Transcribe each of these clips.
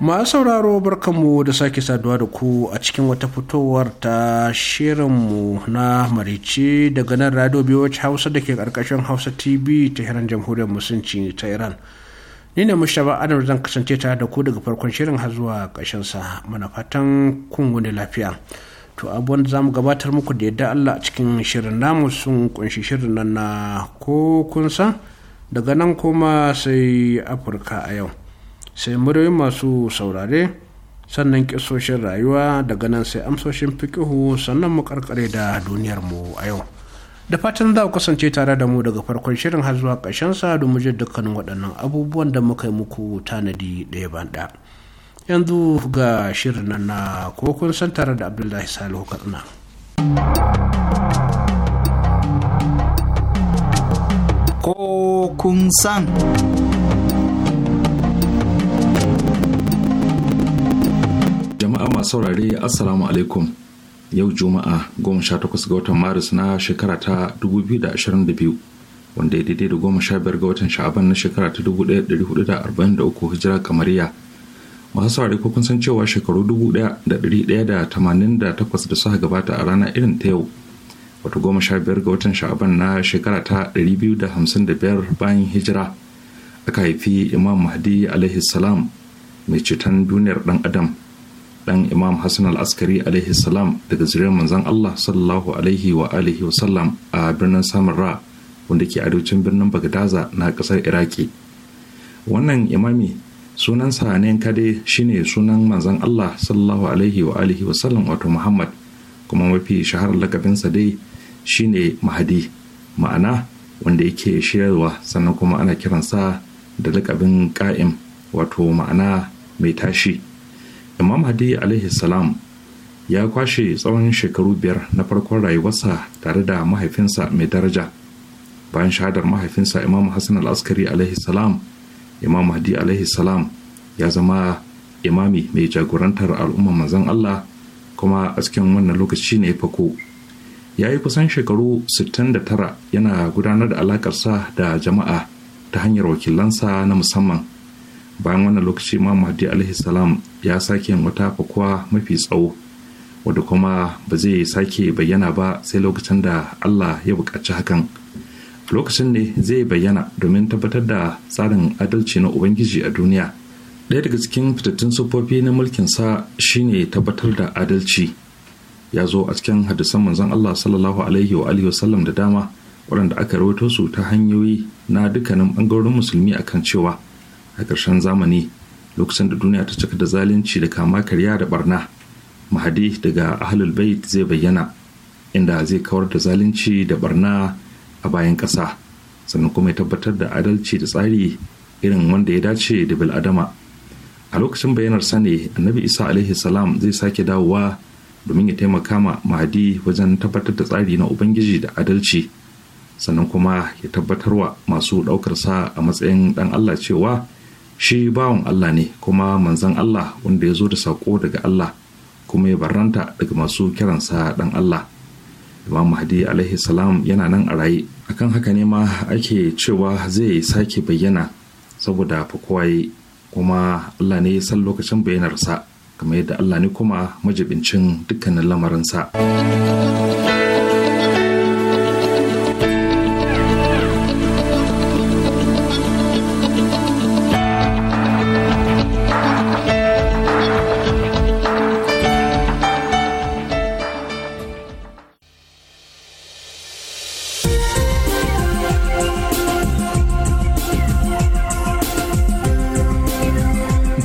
Ma sauraro barkanmu da sake saduwa da ku a cikin wata fitowar ta shirinmu na marice daga nan radio wacce hausa da ke karkashin hausa tv ta hiran jamhuriyar musulunci ta iran ni ne mustapha adam zan kasance tare da ku daga farkon shirin har zuwa sa mana fatan kun wani lafiya to abubuwan da zamu gabatar muku da yadda allah a cikin shirin namu sun kunshi shirin nan na ko kun san daga nan kuma sai afirka a yau sai muryoyin masu saurare sannan kisoshin rayuwa daga nan sai amsoshin fikihu sannan mu karkare da duniyar mu a yau da fatan za ku kasance tare da mu daga farkon shirin har zuwa ƙarshen sa domin jin dukkanin waɗannan abubuwan da muka yi muku tanadi ɗaya ban ɗaya yanzu ga shirin nan na kokon san tare da abdullahi salihu katsina kokun san jama'a masu saurare assalamu alaikum yau juma'a 18 ga watan maris na shekara ta 2022 wanda ya daidai da goma biyar ga watan sha'aban na shekara ta 1443 hijira kamariya masu saurare ko kun san cewa shekaru 1188 da suka gabata a rana irin ta yau wato biyar ga watan sha'aban na shekara ta 255 bayan hijira aka haifi imam mahdi alaihi salam mai ceton duniyar dan adam dan imam hassan al-askari alaihi salam daga zuriyar manzan allah sallallahu alaihi wa alihi wa sallam a birnin samarra wanda ke arewacin birnin bagdaza na kasar iraki wannan imami sunansa ne kade shine sunan manzan allah sallallahu alaihi wa alihi wa sallam wato muhammad kuma mafi shaharar lakabinsa dai shine mahadi ma'ana wanda yake shirarwa sannan kuma ana kiransa da lakabin ka'im wato ma'ana mai tashi imam hadi alaihi salam ya kwashe tsawon shekaru biyar na farkon rayuwarsa tare da mahaifinsa mai daraja bayan shahadar mahaifinsa imam hassan al-askari alaihi salam imam hadi alaihi salam ya zama imami mai jagorantar al'umma manzon allah kuma a cikin wannan lokaci ne fako ya yi kusan shekaru 69 yana gudanar da alakarsa da jama'a ta hanyar wakilansa na musamman bayan wannan lokaci ma mahdi alaihi salam ya sake wata fakuwa mafi tsawo wadda kuma ba zai sake bayyana ba sai lokacin da allah ya buƙaci hakan lokacin ne zai bayyana domin tabbatar da tsarin adalci na ubangiji a duniya ɗaya daga cikin fitattun siffofi na mulkin sa shine tabbatar da adalci ya zo a cikin hadisan manzon allah sallallahu alaihi wa alihi da dama waɗanda aka rawaito su ta hanyoyi na dukkanin ɓangarorin musulmi akan cewa a ƙarshen zamani lokacin da duniya ta cika da zalunci da kama karya da barna mahadi daga ahlul bait zai bayyana inda zai kawar da zalunci da barna a bayan ƙasa sannan kuma ya tabbatar da adalci da tsari irin wanda ya dace da bil'adama a lokacin bayyanar sani annabi isa alaihi salam zai sake dawowa domin ya taimaka ma mahadi wajen tabbatar da tsari na ubangiji da adalci sannan kuma ya tabbatarwa masu ɗaukarsa a matsayin ɗan allah cewa shi bawan Allah ne kuma manzon Allah wanda ya zo da saƙo daga Allah kuma ya barranta daga masu kiransa ɗan Allah Imam Mahdi alaihi salam yana nan a raye akan haka ne ma ake cewa zai sake bayyana saboda fakwaye kuma Allah ne ya san lokacin bayyanarsa kamar yadda Allah ne kuma majibincin dukkanin lamarinsa.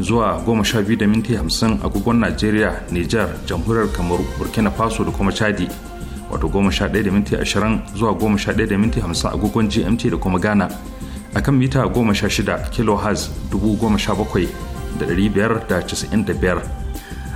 zuwa biyu da minti agogon Najeriya, Nijar, Jamhuriyar Kamar, Burkina Faso da kuma Chadi. Wato 11.20 da minti zuwa 11.50 da minti agogon GMT da kuma Ghana. A kan mita 16 kHz 17,595.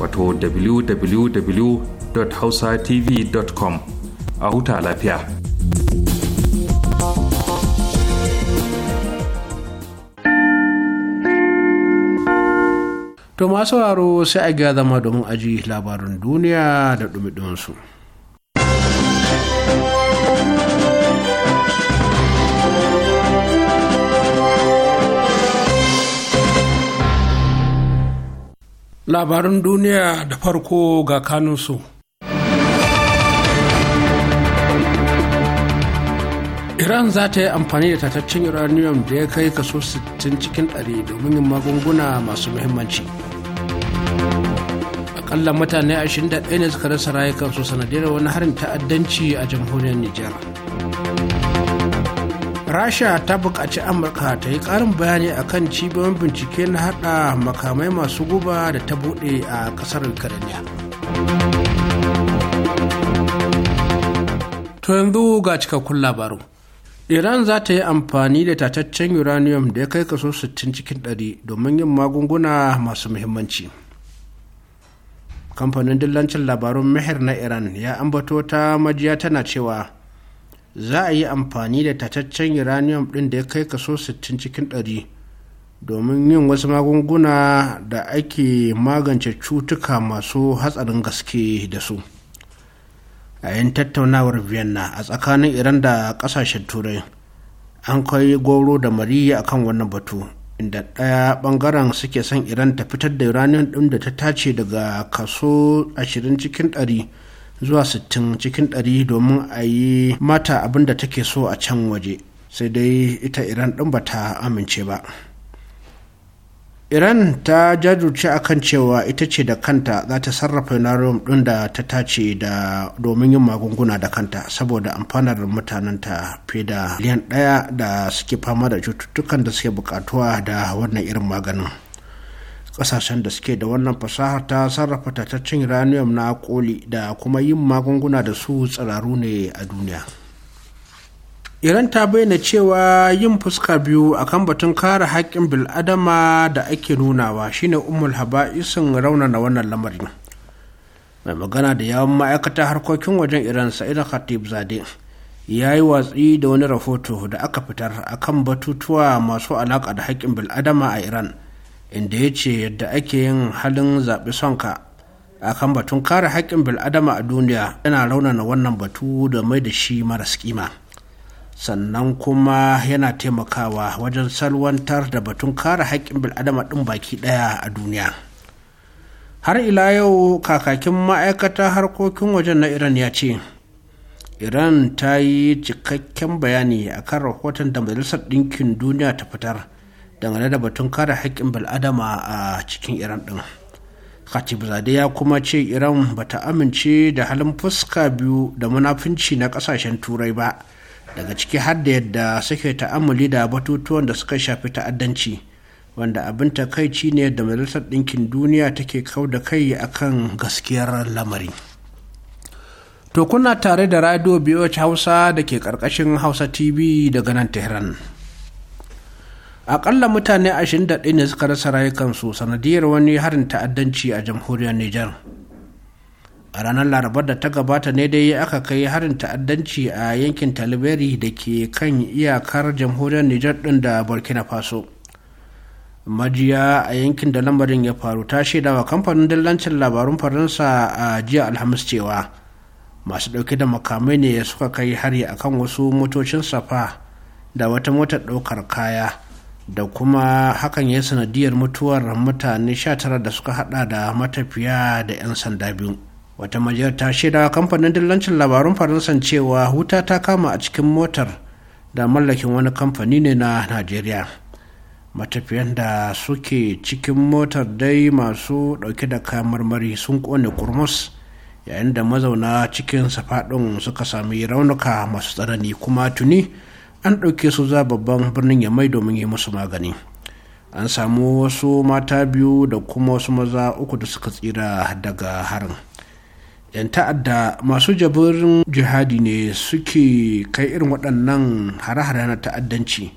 wato www.hausatv.com a huta lafiya. To masu sai a gaza ma domin aji labarin duniya da dumi su. labarin duniya da farko ga kanunsu iran za ta yi amfani da tataccen uranium da ya kai kaso 60 cikin 100 domin yin magunguna masu muhimmanci akalla mutane 21 ne suka rasa su sanadiyar wani harin ta'addanci a jamhuriyar nijar rasha ta buƙaci amurka ta yi ƙarin bayani kan cibiyoyin bincike na haɗa makamai masu guba da ta buɗe a ƙasar ukraine to yanzu ga cikakkun labaru iran za ta yi amfani da tataccen uranium da ya kai kaso 60 cikin ɗari domin yin magunguna masu muhimmanci kamfanin dillancin labarun mehir na iran ya ambato ta majiya tana cewa za a yi amfani da tataccen uranium ɗin da ya kai kaso 60 cikin 100 domin yin wasu magunguna da ake magance cutuka masu hatsarin gaske da su a yin tattaunawar vienna a tsakanin iran da kasashen turai an kai goro da mariya kan wannan batu inda ɗaya ɓangaren suke son iran ta fitar da uranium ɗin da ta tace daga kaso 20 cikin ɗari. zuwa 60 cikin 100 domin a yi mata abin da take so a can waje sai dai ita iran ɗin ba ta amince ba iran ta jajirce akan cewa ita ce da kanta za ta sarrafa uranium ɗin da ta tace da domin yin magunguna da kanta saboda amfanar mutanenta fiye da miliyan ɗaya da suke fama da cututtukan da suke bukatuwa da wannan irin maganin kasashen da suke da wannan fasahar ta sarrafa tattacin uranium na koli da kuma yin magunguna da su tsiraru ne a duniya iran ta bayyana cewa yin fuska biyu a kan batun kare haƙƙin bil'adama da ake nunawa shine umul rauna na wannan lamarin mai magana da yawon ma'aikata harkokin wajen iran sa'ida khatib zade ya yi watsi da wani rahoto da aka fitar akan batutuwa masu alaƙa da haƙƙin bil'adama a iran inda ya ce yadda ake yin halin zaɓi sonka a kan batun kare haƙƙin bil'adama a duniya yana raunana wannan batu da mai da shi maras kima sannan kuma yana taimakawa wajen salwantar da batun kare haƙƙin bil'adama ɗin baki ɗaya a duniya har ila yau kakakin ma'aikata harkokin wajen na iran ya ce iran ta yi cikakken bayani akan rahoton da majalisar ɗinkin duniya ta fitar dangane da batun kare haƙƙin bil'adama a cikin iran ɗin khatib zade ya kuma ce iran bata amince da halin fuska biyu da munafunci na ƙasashen turai ba daga ciki har da yadda suke ta'amuli da batutuwan da suka shafi ta'addanci wanda abin takaici ne da majalisar ɗinkin duniya take kau da kai akan gaskiyar lamari to kuna tare da radio biyu hausa da ke ƙarƙashin hausa tv daga nan tehran akalla mutane 21 ne suka rasa rayukansu sanadiyar wani harin ta'addanci a jamhuriyar Nijar. a ranar larabar da ta gabata ne dai aka kai harin ta'addanci a yankin taliberi da ke kan iyakar jamhuriyar nijar din da burkina faso majiya a yankin da lamarin ya faru ta shaidawa kamfanin dillancin labarun faransa a jiya alhamis cewa masu ɗauke da makamai ne suka kai hari akan wasu motocin safa da wata motar ɗaukar kaya da kuma hakan ya sanadiyar mutuwar mutane 19 da suka hada da matafiya da 'yan sanda biyu wata majiyar ta shaida kamfanin dillancin labarun faransan cewa huta ta kama a cikin motar da mallakin wani kamfani ne na najeriya matafiyan da suke cikin motar dai masu dauke da kayan marmari sun kone kurmus yayin da mazauna cikin safaɗin suka sami raunuka masu tsanani kuma tuni an ɗauke su za babban birnin ya mai domin yi musu magani an samu wasu mata biyu da kuma wasu maza uku da suka tsira daga harin yan ta'adda masu jabirin jihadi ne suke kai irin waɗannan hare-hare na ta'addanci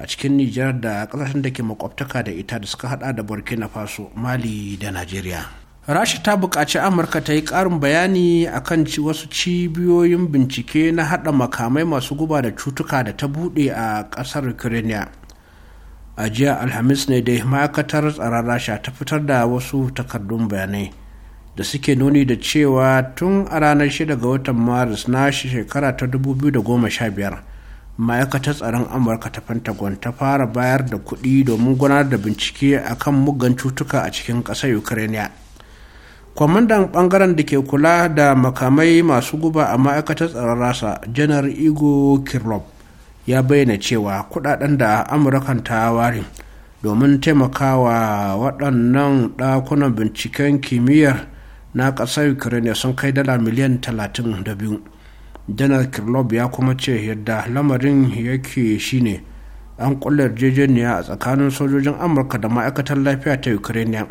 a cikin nijar da ƙasashen da ke makwabtaka da ita da suka hada da burkina faso mali da najeriya rasha ta buƙaci amurka ta yi ƙarin bayani akan wasu cibiyoyin bincike na haɗa makamai masu guba da cutuka da ta buɗe a ƙasar ukraine a jiya alhamis ne da ma'aikatar tsaron rasha ta fitar da wasu takardun bayanai da suke nuni da cewa tun a ranar 6 ga watan maris na shekara ta 2015 ma'aikatar tsaron amurka ta pentagon ta fara bayar da kuɗi domin gudanar da bincike akan mugan cutuka a cikin ƙasar ukraine kwamandan bangaren da ke kula da makamai masu guba a ma'aikatar tsaron rasa janar igo kirlop ya bayyana cewa kudaden da amurkan ta ware domin taimakawa waɗannan ɗakunan binciken kimiyyar na ƙasar ukraine sun kai dala miliyan 32 janar kirlop ya kuma ce yadda lamarin yake shine an kullar yarjejeniya a tsakanin sojojin amurka da ma'aikatar lafiya ta ukraine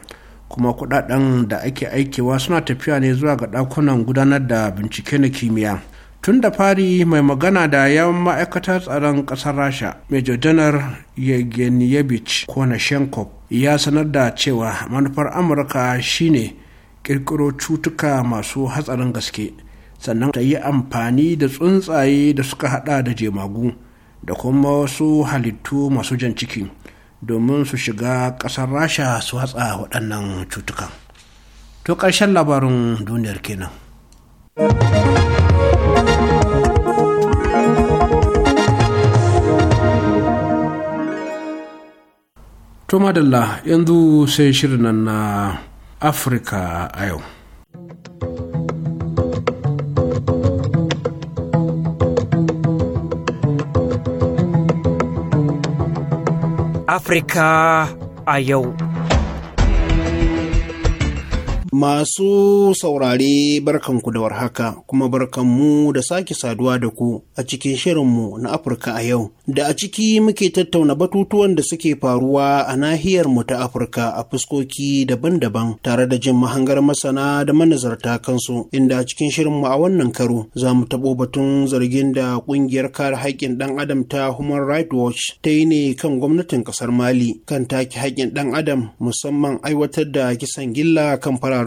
kuma kudaden da ake aikewa suna tafiya ne zuwa ga dakunan gudanar da bincike na kimiyya tun da fari mai magana da yawan ma'aikatar tsaron ƙasar rasha major janar Yegenyevich konashenkov ya sanar da cewa manufar amurka shine kirkiro cutuka masu hatsarin gaske sannan ta yi amfani da tsuntsaye da suka hada da jemagu da kuma wasu halittu masu jan ciki domin su shiga ƙasar rasha su hatsa waɗannan cutukan to ƙarshen labarin duniyar kenan to madalla yanzu sai shirin na afirka a yau Afirka a yau. Masu saurare barkanku da warhaka kuma barkanmu da sake saduwa da ku a cikin shirinmu na Afirka a yau. Da a ciki muke tattauna batutuwan da suke faruwa a nahiyar mu ta Afirka a fuskoki daban-daban tare da jin mahangar masana da manazarta kansu inda a cikin shirinmu a wannan karo za mu taɓo batun zargin da ƙungiyar kare haƙƙin ɗan adam ta Human Rights Watch ta yi ne kan gwamnatin ƙasar Mali kan take haƙƙin ɗan adam musamman aiwatar da kisan gilla kan fararen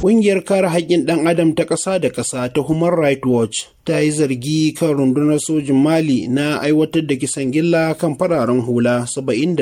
Ƙungiyar kare haƙƙin ɗan adam ta ƙasa da ƙasa ta Human Rights Watch ta yi zargi kan rundunar sojin Mali na aiwatar da kisan gilla kan fararen hula 71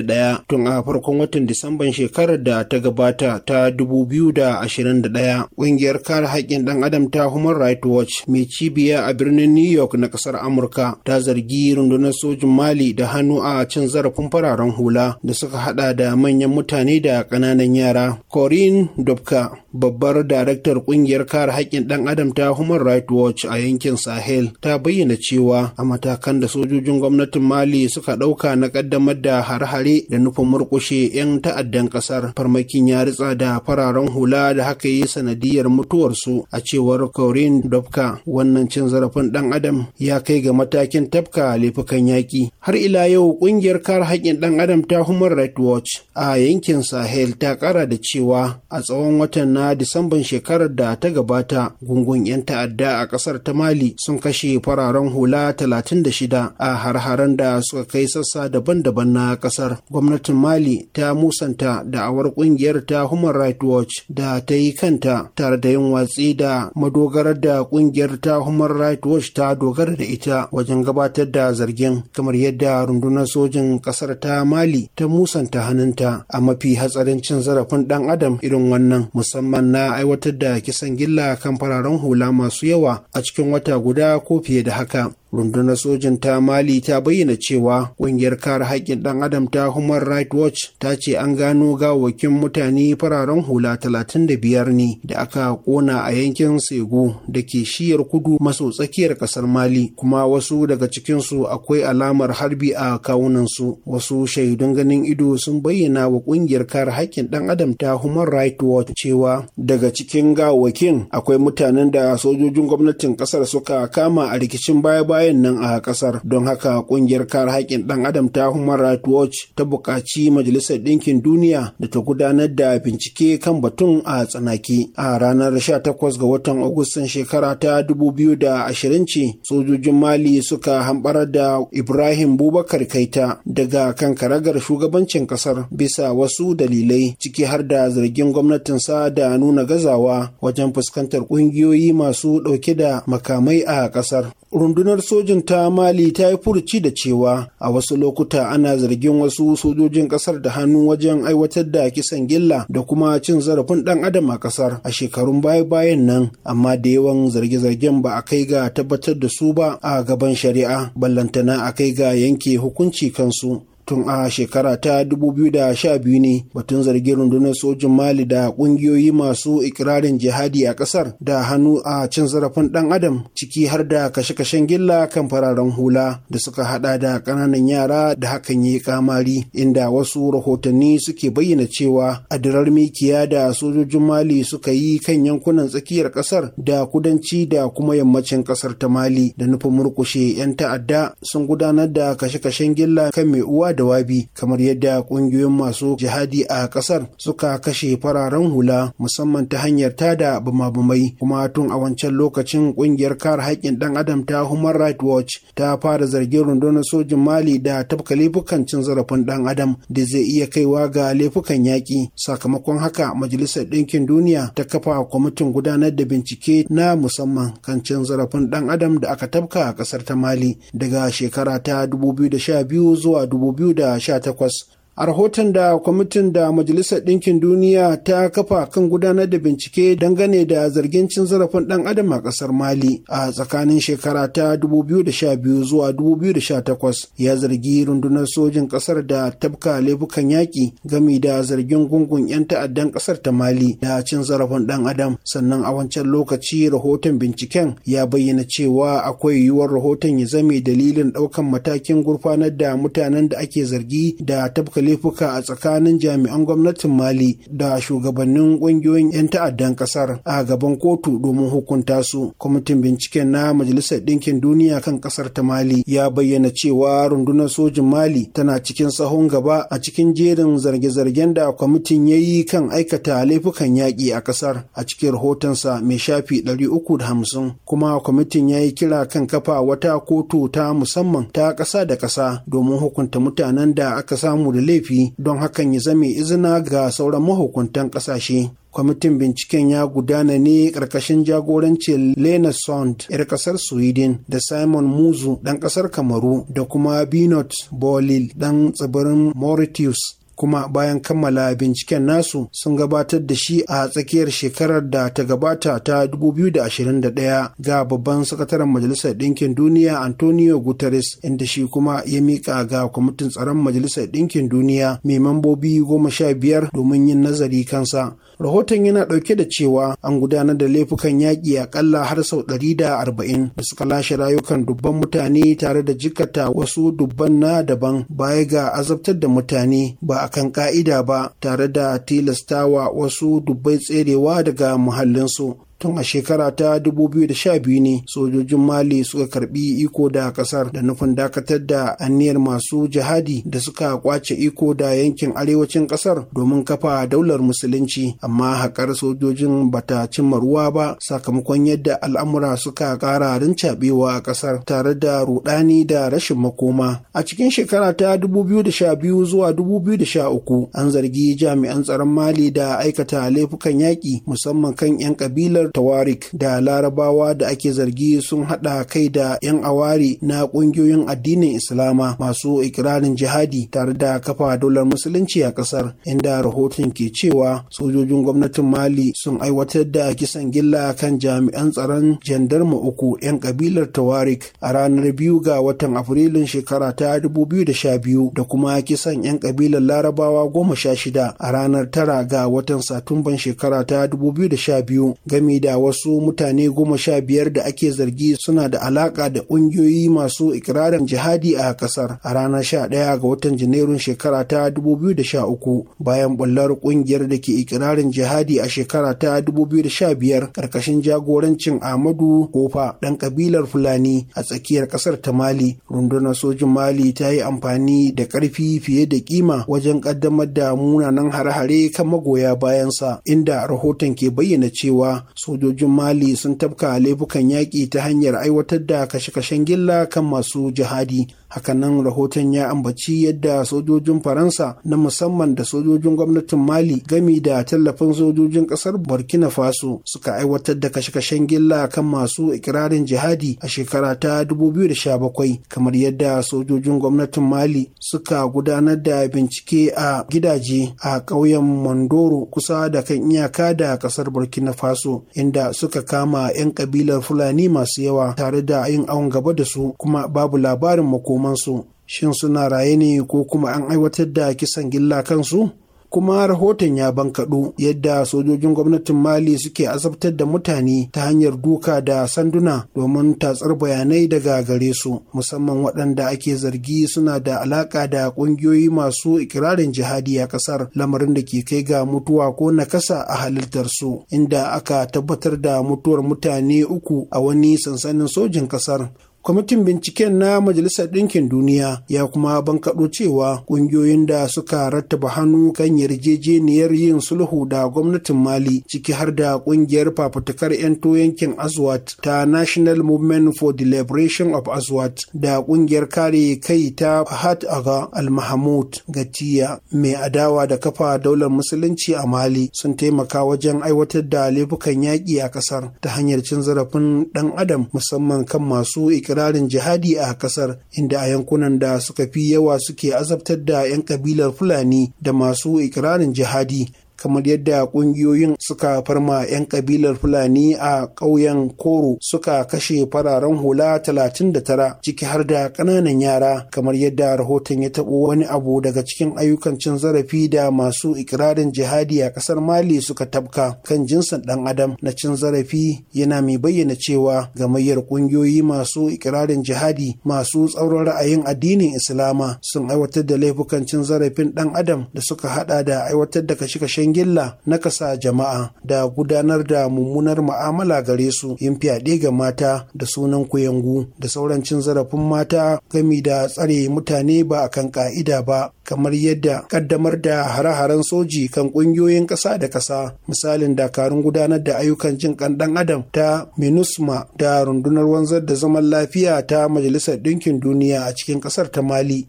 tun a farkon watan Disamban shekarar da ta gabata ta 2021. Ƙungiyar kare haƙƙin ɗan adam ta Human Rights Watch mai cibiya a birnin New York na ƙasar Amurka ta zargi rundunar sojin Mali da hannu a cin zarafin fararen hula da suka haɗa da manyan mutane da ƙananan yara. Corinne Dubka. babbar daraktar kungiyar kare haƙƙin ɗan adam ta human rights watch a yankin sahel ta bayyana cewa a matakan da sojojin gwamnatin mali suka ɗauka na ƙaddamar da hare-hare da nufin murƙushe 'yan ta'addan ƙasar farmakin ya ritsa da fararen hula da haka yi sanadiyar mutuwarsu a cewar kaurin dobka wannan cin zarafin ɗan adam ya kai ga matakin tafka laifukan yaƙi har ila yau ƙungiyar kare haƙƙin ɗan adam ta human rights watch a yankin sahel ta ƙara da cewa a tsawon watan na disamban shekarar da ta gabata gungun 'yan ta'adda a kasar ta mali sun kashe fararen hula 36 a har da suka kai sassa daban-daban na kasar gwamnatin mali ta musanta da'awar ƙungiyar ta human rights watch da ta yi kanta tare da yin watsi da madogarar da ƙungiyar ta human rights watch ta dogara da ita wajen gabatar da zargin kamar yadda rundunar sojin kasar ta mali ta musanta hannunta a mafi hatsarin cin zarafin dan adam irin wannan musamman musamman na aiwatar da kisan gilla kan fararen hula masu yawa a cikin wata guda ko fiye da haka rundunar sojin ta mali ta bayyana cewa ƙungiyar kare haƙƙin ɗan adam ta human rights watch ta ce an gano gawakin mutane fararen hula 35 ne da aka ƙona a yankin sego da ke shiyar kudu maso tsakiyar ƙasar mali kuma wasu daga cikinsu akwai alamar harbi a kawunansu wasu shaidun ganin ido sun bayyana wa ƙungiyar kare haƙƙin ɗan adam ta human rights watch cewa daga cikin gawakin akwai mutanen da sojojin gwamnatin ƙasar suka kama a rikicin baya bayan nan a kasar don haka kungiyar kare haƙƙin ɗan adam ta human rights watch ta buƙaci majalisar ɗinkin duniya da ta gudanar da bincike kan batun a tsanaki a ranar 18 ga watan agustan shekara ta 2020 ce sojojin mali suka hambara da ibrahim bubakar kaita daga kan karagar shugabancin kasar bisa wasu dalilai ciki har da zargin gwamnatin sa da nuna gazawa wajen fuskantar ƙungiyoyi masu ɗauke da makamai a kasar rundunar sojin ta Mali ta yi furuci da cewa a wasu lokuta ana zargin wasu sojojin kasar da hannu wajen aiwatar da kisan gilla da kuma cin zarafin dan adam a kasar a shekarun baya-bayan nan amma da yawan zarge-zargen ba a kai ga tabbatar da su ba a gaban shari'a ballantana a kai ga yanke hukunci kansu tun a shekara ta 2012 ne batun zargin rundunar sojin mali da kungiyoyi masu ikirarin jihadi a kasar da hannu a cin zarafin dan adam ciki har da kashe-kashen gilla kan fararen hula da suka hada da kananan yara da hakan yi kamari inda wasu rahotanni suke bayyana cewa adirar mikiya da sojojin mali suka yi kan yankunan tsakiyar kasar da kudanci da kuma yammacin kasar ta mali da nufin murkushe 'yan ta'adda sun gudanar da kashe-kashen gilla kan mai uwa da wabi kamar yadda ƙungiyoyin masu jihadi a ƙasar suka kashe fararen hula musamman ta hanyar tada bumabumai kuma tun a wancan lokacin ƙungiyar kare haƙƙin dan adam ta human rights watch ta fara zargin rundunar sojin mali da tafka laifukan cin zarafin dan adam da zai iya kaiwa ga laifukan yaƙi sakamakon haka majalisar ɗinkin duniya ta kafa kwamitin gudanar da bincike na musamman kan cin zarafin dan adam da aka tafka a ƙasar ta mali daga shekara ta 2012 zuwa 2013 2018 a rahoton da kwamitin da majalisar ɗinkin duniya ta kafa kan gudanar da bincike dangane da zargin cin zarafin ɗan adam a ƙasar mali a tsakanin shekara ta 2012 zuwa 2018 ya zargi rundunar sojin ƙasar da tabka laifukan yaƙi gami da zargin gungun 'yan ta'addan ƙasar ta mali da cin zarafin ɗan adam sannan a wancan lokaci rahoton binciken ya bayyana cewa akwai yiwuwar rahoton ya zame dalilin ɗaukan matakin gurfanar da mutanen da ake zargi da tabka laifuka a tsakanin jami'an gwamnatin mali da shugabannin ƙungiyoyin 'yan ta'addan ƙasar a gaban kotu domin hukunta su kwamitin binciken na majalisar ɗinkin duniya kan ƙasar ta mali ya bayyana cewa rundunar sojin mali tana cikin sahun gaba a cikin jerin zarge-zargen da kwamitin ya yi kan aikata laifukan yaƙi a ƙasar a cikin rahotonsa mai shafi ɗari uku da hamsin kuma kwamitin ya yi kira kan kafa wata kotu ta musamman ta ƙasa da ƙasa domin hukunta mutanen da aka samu da laifin laifi don hakan ya zame izina ga sauran mahukuntan ƙasashe. kwamitin binciken ya gudana ne ƙarƙashin jagorancin lena sond 'yar ƙasar sweden da simon muzu ɗan ƙasar kamaru da kuma binot bolil ɗan tsibirin mauritius kuma bayan kammala binciken nasu sun gabatar da shi a tsakiyar shekarar da ta gabata ta 2021 ga babban sakataren majalisar ɗinkin duniya antonio guterres inda shi kuma ya miƙa ga kwamitin tsaron majalisar ɗinkin duniya mai mambobi goma sha biyar domin yin nazari kansa rahoton yana ɗauke da cewa an gudanar da laifukan yaƙi akalla har sau ɗari da arba'in da suka lashe rayukan dubban mutane tare da jikata wasu dubban na daban baya ga azabtar da mutane ba a kan ƙa'ida ba tare da tilastawa wasu dubbai tserewa daga muhallinsu tun a shekara ta 2012 ne sojojin mali suka karbi iko da kasar da nufin dakatar da aniyar masu jihadi da suka kwace iko da yankin arewacin kasar domin kafa daular musulunci amma haƙar sojojin bata cimma ruwa ba sakamakon yadda al'amura suka ƙara rincabewa a kasar tare da rudani da rashin makoma a cikin shekara ta 2012 zuwa 2013 an zargi jami'an tsaron mali da aikata laifukan yaƙi musamman kan 'yan kabilar tawarik da larabawa da ake zargi sun haɗa kai da 'yan awari na ƙungiyoyin addinin islama masu ikirarin jihadi tare da kafa dolar musulunci a ƙasar inda rahoton ke cewa sojojin gwamnatin mali sun aiwatar da kisan gilla kan jami'an tsaron jandarma uku 'yan kabilar tawarik a ranar biyu ga watan afrilun shekara ta 2012 da kuma kisan 'yan kabilar larabawa goma sha shida a ranar tara ga watan satumban shekara ta 2012 game da wasu mutane goma sha biyar da ake zargi suna da alaka da ƙungiyoyi masu ikirarin jihadi a ƙasar a ranar sha ɗaya ga watan janairun shekara ta 2013 bayan bullar ƙungiyar da ke ikirarin jihadi a shekara ta 2015 ƙarƙashin jagorancin Ahmadu Kofa ɗan ƙabilar Fulani a tsakiyar ƙasar ta Mali rundunar sojin Mali ta yi amfani da ƙarfi fiye da kima wajen ƙaddamar da munanan hare-hare kan magoya bayansa inda rahoton ke bayyana cewa sojojin mali sun tafka laifukan yaƙi ta hanyar aiwatar da kashe-kashen gilla kan masu jihadi hakanan rahoton ya ambaci yadda sojojin faransa na musamman da sojojin gwamnatin mali gami da tallafin sojojin ƙasar burkina faso suka aiwatar da kashe-kashen gilla kan masu ikirarin jihadi a shekara ta 2017 kamar yadda sojojin gwamnatin mali suka gudanar da bincike a gidaje a ƙauyen mondoro kusa da kan iyaka da ƙasar burkina faso inda suka kama 'yan kabilar fulani masu yawa tare da yin awon gaba da su kuma babu labarin makomansu shin suna raye ne ko kuma an aiwatar da kisan gilla kansu kuma rahoton ya bankaɗo yadda sojojin gwamnatin mali suke azabtar da mutane ta hanyar duka da sanduna domin tatsar bayanai daga gare su musamman waɗanda ake zargi suna da alaƙa da ƙungiyoyi masu ikirarin jihadi a ƙasar lamarin da ke kai ga mutuwa ko nakasa a halittar su inda aka tabbatar da mutuwar mutane uku a wani sansanin sojin ƙasar kwamitin binciken na majalisar ɗinkin duniya ya kuma bankaɗo cewa ƙungiyoyin da suka rattaba hannu kan yarjejeniyar yin sulhu da gwamnatin mali ciki har da ƙungiyar fafutukar 'yan yankin aswat ta national movement for the liberation of aswat da ƙungiyar kare kai ta fahad aga al-mahmud gatiya mai adawa da kafa daular musulunci a mali sun taimaka wajen aiwatar da laifukan yaƙi a ƙasar ta hanyar cin zarafin ɗan adam musamman kan masu ikirarin jihadi a kasar inda a yankunan da suka fi yawa suke azabtar da 'yan kabilar fulani da masu ikirarin jihadi kamar yadda ƙungiyoyin suka farma 'yan ƙabilar Fulani a ƙauyen Koro suka kashe fararen hula 39 ciki har da ƙananan yara kamar yadda rahoton ya taɓo wani abu daga cikin ayyukan cin zarafi da masu ikirarin jihadi a ƙasar Mali suka tabka kan jinsin ɗan adam na cin zarafi yana mai bayyana cewa gamayyar ƙungiyoyi masu ikirarin jihadi masu tsauran ra'ayin addinin Islama sun aiwatar da laifukan cin zarafin ɗan adam da suka haɗa da aiwatar da kashe-kashen kisan nakasa na kasa jama'a da gudanar da mummunar ma'amala gare su yin fyaɗe ga mata da sunan kuyangu da sauran cin zarafin mata gami da tsare mutane ba a kan ka'ida ba kamar yadda kaddamar da hare-haren soji kan ƙungiyoyin ƙasa da ƙasa misalin dakarun gudanar da ayyukan jin ƙan ɗan adam ta minusma da rundunar wanzar da zaman lafiya ta majalisar ɗinkin duniya a cikin ƙasar ta mali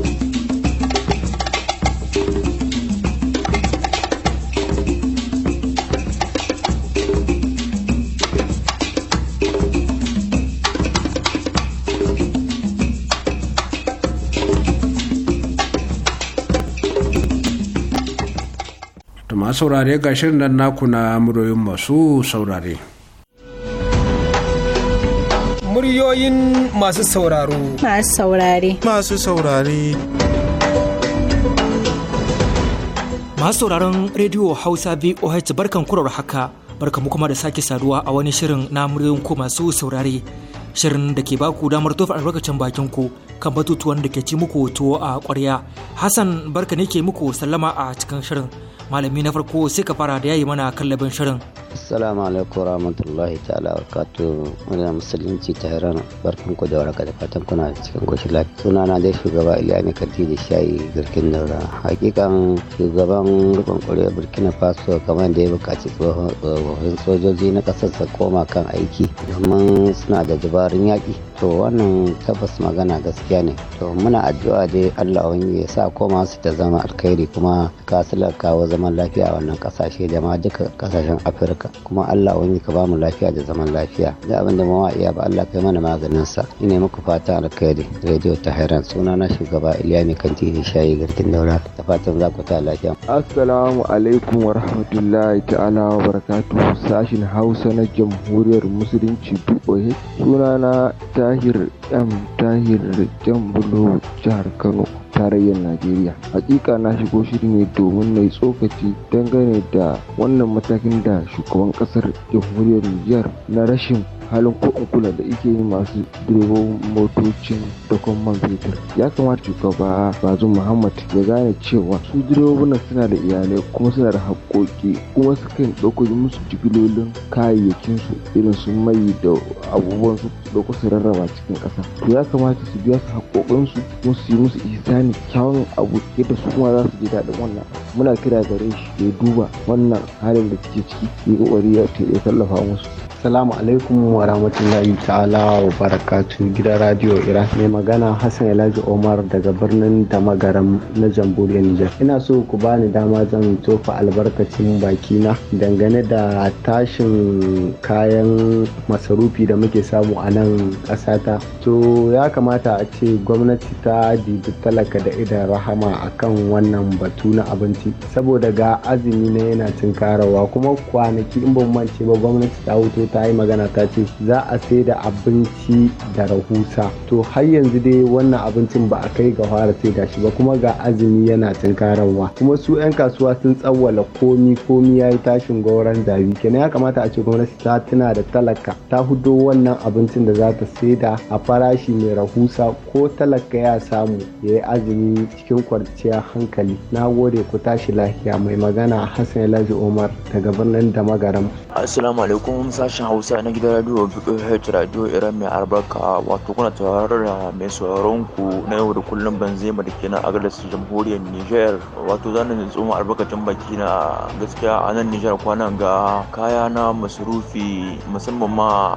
masu saurare ga shirin nan naku na muryoyin masu saurare. Muryoyin masu sauraro. Masu saurare. Masu saurare. Masu sauraron rediyo Hausa VOH barkan kurar haka barka kuma da sake saduwa a wani shirin na muryoyin ko masu saurare. Shirin da ke baku damar tofa albarkacin bakin ku kan batutuwan da ke ci muku tuwo a ƙwarya. Hassan barka ne ke muku sallama a cikin shirin. malami na farko sai ka fara da yayi mana kallabin shirin Assalamu alaikum rahmatullahi ta'ala barkatu muna musulunci ta na barkan ku da waraka da fatan kuna cikin goshin lafiya suna na dai shugaba Iliya ne da Shayi Birkin Daura hakikan shugaban rikon kure Burkina Faso kamar da ya bukaci tsohon sojoji na kasar sa koma kan aiki domin suna da dabarun yaƙi. to wannan tabbas magana gaskiya ne to muna addu'a dai Allah wani ya sa koma su ta zama alkhairi kuma kasular kawo zaman lafiya a wannan kasashe da ma duka kasashen Afirka haka kuma Allah wani ka bamu lafiya da zaman lafiya da abin da mawa iya ba Allah kai mana maganin sa ina muku fata alkhairi radio ta hairan suna na shugaba Iliya ne kan shayi garkin daura da fatan za ku ta lafiya assalamu alaikum wa rahmatullahi ta'ala wa barakatuhu sashin Hausa na jamhuriyar musulunci BOH suna na Tahir M Tahir Jambulo jihar Kano tarayyar Najeriya. Hakika na shigo shiri ne domin na yi tsokaci dangane da wannan matakin da shugaban kasar jamhuriyar Nijar na rashin halin ko kula da ike yi masu direbobin motocin da kuma man fetur ya kamata shugaba bazu muhammad ya gane cewa su direbobin suna da iyalai kuma suna da haƙoƙi kuma sukan ɗauko musu jigilolin kayayyakin su irin su mai da abubuwan su ɗauko su rarraba cikin ƙasa to ya kamata su biya su haƙoƙin su kuma su yi musu ihsani kyawun abu yadda su kuma za su ji daɗin wannan muna kira gare shi ya duba wannan halin da suke ciki ya ƙoƙari ya tallafa musu Assalamu alaikum wa rahmatullahi ta'ala wa barakatu gidan radio Iran. Mai magana Hassan Elaji Omar daga birnin Damagaram na jamhuriyar Nijar. Ina so ku bani dama zan tofa albarkacin baki na? dangane da tashin kayan masarufi da muke samu a nan ƙasata. To ya kamata a ce gwamnati ta dibi talaka da idan rahama akan wannan batu na abinci saboda ga azumi na yana cin karawa, kuma kwanaki in ban mance ba gwamnati ta wuto ta yi magana ta ce za a sai da abinci da rahusa to har yanzu dai wannan abincin ba a kai ga fara sai da shi ba kuma ga azumi yana tunkararwa kuma su 'yan kasuwa sun tsawwala komi komi ya yi tashin gauran zabi kenan ya kamata a ce gwamnati ta tuna da talaka ta hudo wannan abincin da za ta sai da a farashi mai rahusa ko talaka ya samu ya yi azumi cikin kwanciyar hankali na gode ku tashi lafiya mai magana hassan lafi umar daga birnin damagaram assalamu alaikum sashen sashen hausa na gidan radio bh radio iran mai albarka wato kuna tare da mai sauraron ku na yau da kullum banzema da ke nan agadas jamhuriyar niger wato zanen tsoma albarkacin baki na gaskiya a nan niger kwanan ga kaya na masarufi musamman ma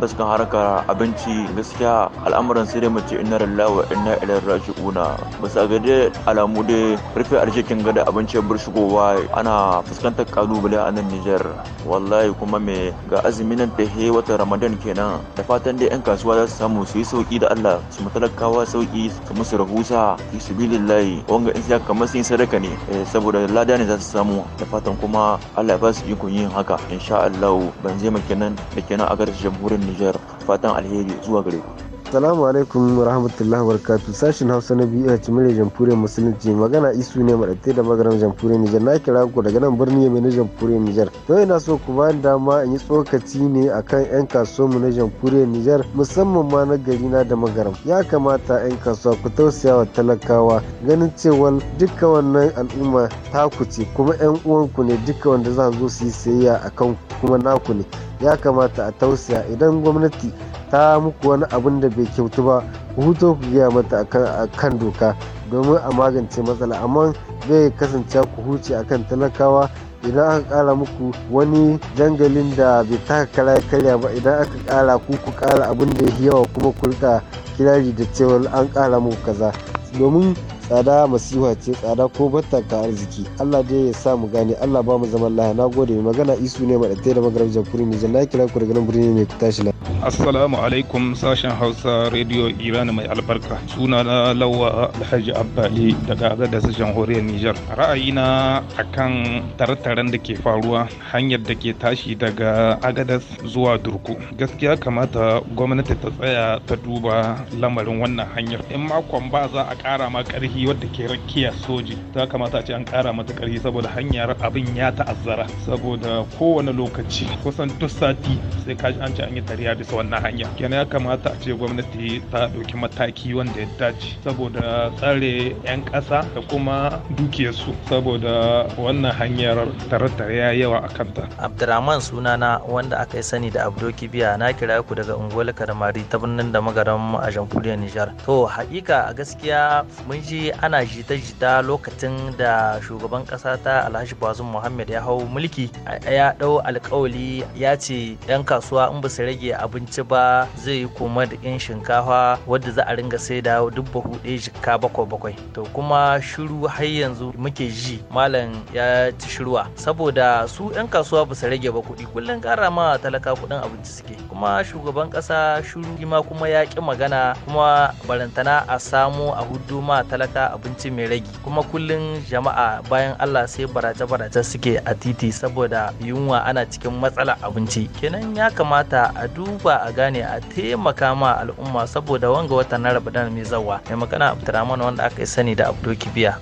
baskan harkar abinci gaskiya al'amuran sai dai mace inna lillahi wa inna ilaihi raji'una bisa ga dai alamu dai rufe arzikin gada abinci bar shigowa ana fuskantar kalubale a nan niger wallahi kuma me ga azumi minan he wata ramadan kenan da fatan dai yan kasuwa za su samu su yi sauki da allah su matalakawa sauki su musu rahusa fi su layi wanga in siya kamar sun sadaka ne eh, saboda lada ne za su samu da fatan kuma allah ya ba su ikon yin haka insha allahu ban zai kenan da kenan a garsa jamhuriyar nijar fatan alheri zuwa gare ku. Salamu alaikum rahmatullahi barakatu sashen Hausa na biyu a cimilin jamhuriyar musulunci magana isu ne maɗaɗe da magaram jamhuriyar Nijar na kira ku daga nan birni mai na jamhuriyar Nijar. To yana so ku ba dama in yi tsokaci ne a kan 'yan mu na jamhuriyar Nijar musamman ma na gari na da magaram. Ya kamata 'yan kasuwa ku tausaya wa talakawa ganin cewa duka wannan al'umma taku ce kuma 'yan uwanku ne duka wanda za zo su yi sayayya akan kuma naku ne. ya kamata a tausaya idan gwamnati ta muku wani abin da bai kyautu ba ku ku gaya mata a kan doka domin a magance matsala amma zai kasance ku huce a kan talakawa idan aka kara muku wani jangalin da bai taka kara karya ba idan aka kara ku ku kara abin da ya yawa kuma ku rika kirari da cewa an kara muku kaza domin tsada masifa ce tsada ko batta ka arziki Allah dai ya sa mu gane Allah ba mu zaman lahi na gode mai magana isu ne maɗatai da magaram jamhuri Nijar na kira ku daga nan birni mai tashi lafiya. Assalamu alaikum sashen Hausa Radio Iran mai albarka suna na Lawa Alhaji Abbali daga Agadez jamhuriyar Nijar ra'ayina akan tarataren da ke faruwa hanyar da ke tashi daga agadas zuwa Durku gaskiya kamata gwamnati ta tsaya ta duba lamarin wannan hanyar in makon ba za a kara ma karfi karhi wadda ke rakiya soji ta kamata a ce an kara mata karhi saboda hanyar abin ya ta'azzara saboda kowane lokaci kusan duk sati sai ka an ce an yi tariya bisa wannan hanya kenan ya kamata a ce gwamnati ta ɗauki mataki wanda ya dace saboda tsare 'yan ƙasa da kuma dukiyarsu saboda wannan hanyar tare-tare ya yawa a kanta. Abdurrahman sunana wanda aka yi sani da Abdo Kibiya na kira ku daga Unguwar Karamari ta birnin da magaran a Jamhuriyar Nijar. To hakika a gaskiya mun ji ana jita-jita lokacin da shugaban ƙasa ta alhaji bazum muhammad ya hau mulki ya ɗau alkawali ya ce 'yan kasuwa in ba su rage abinci ba zai yi koma da in shinkafa wadda za a ringa sai da duk bahu ɗaya jikka bakwai bakwai to kuma shiru har yanzu muke ji malam ya ci shirwa saboda su 'yan kasuwa ba su rage ba kuɗi kullum ƙara ma talaka kuɗin abinci suke kuma shugaban ƙasa shiru ma kuma ya ƙi magana kuma barantana a samu a hudu ma talaka ta abinci mai ragi kuma kullum jama'a bayan allah sai barace-barace suke a titi saboda yunwa ana cikin matsalar abinci kenan ya kamata a duba a gane a taimaka ma al'umma saboda wanga wata na rabadan mai zawa mai magana abdurrahman wanda aka sani da abdo kibiya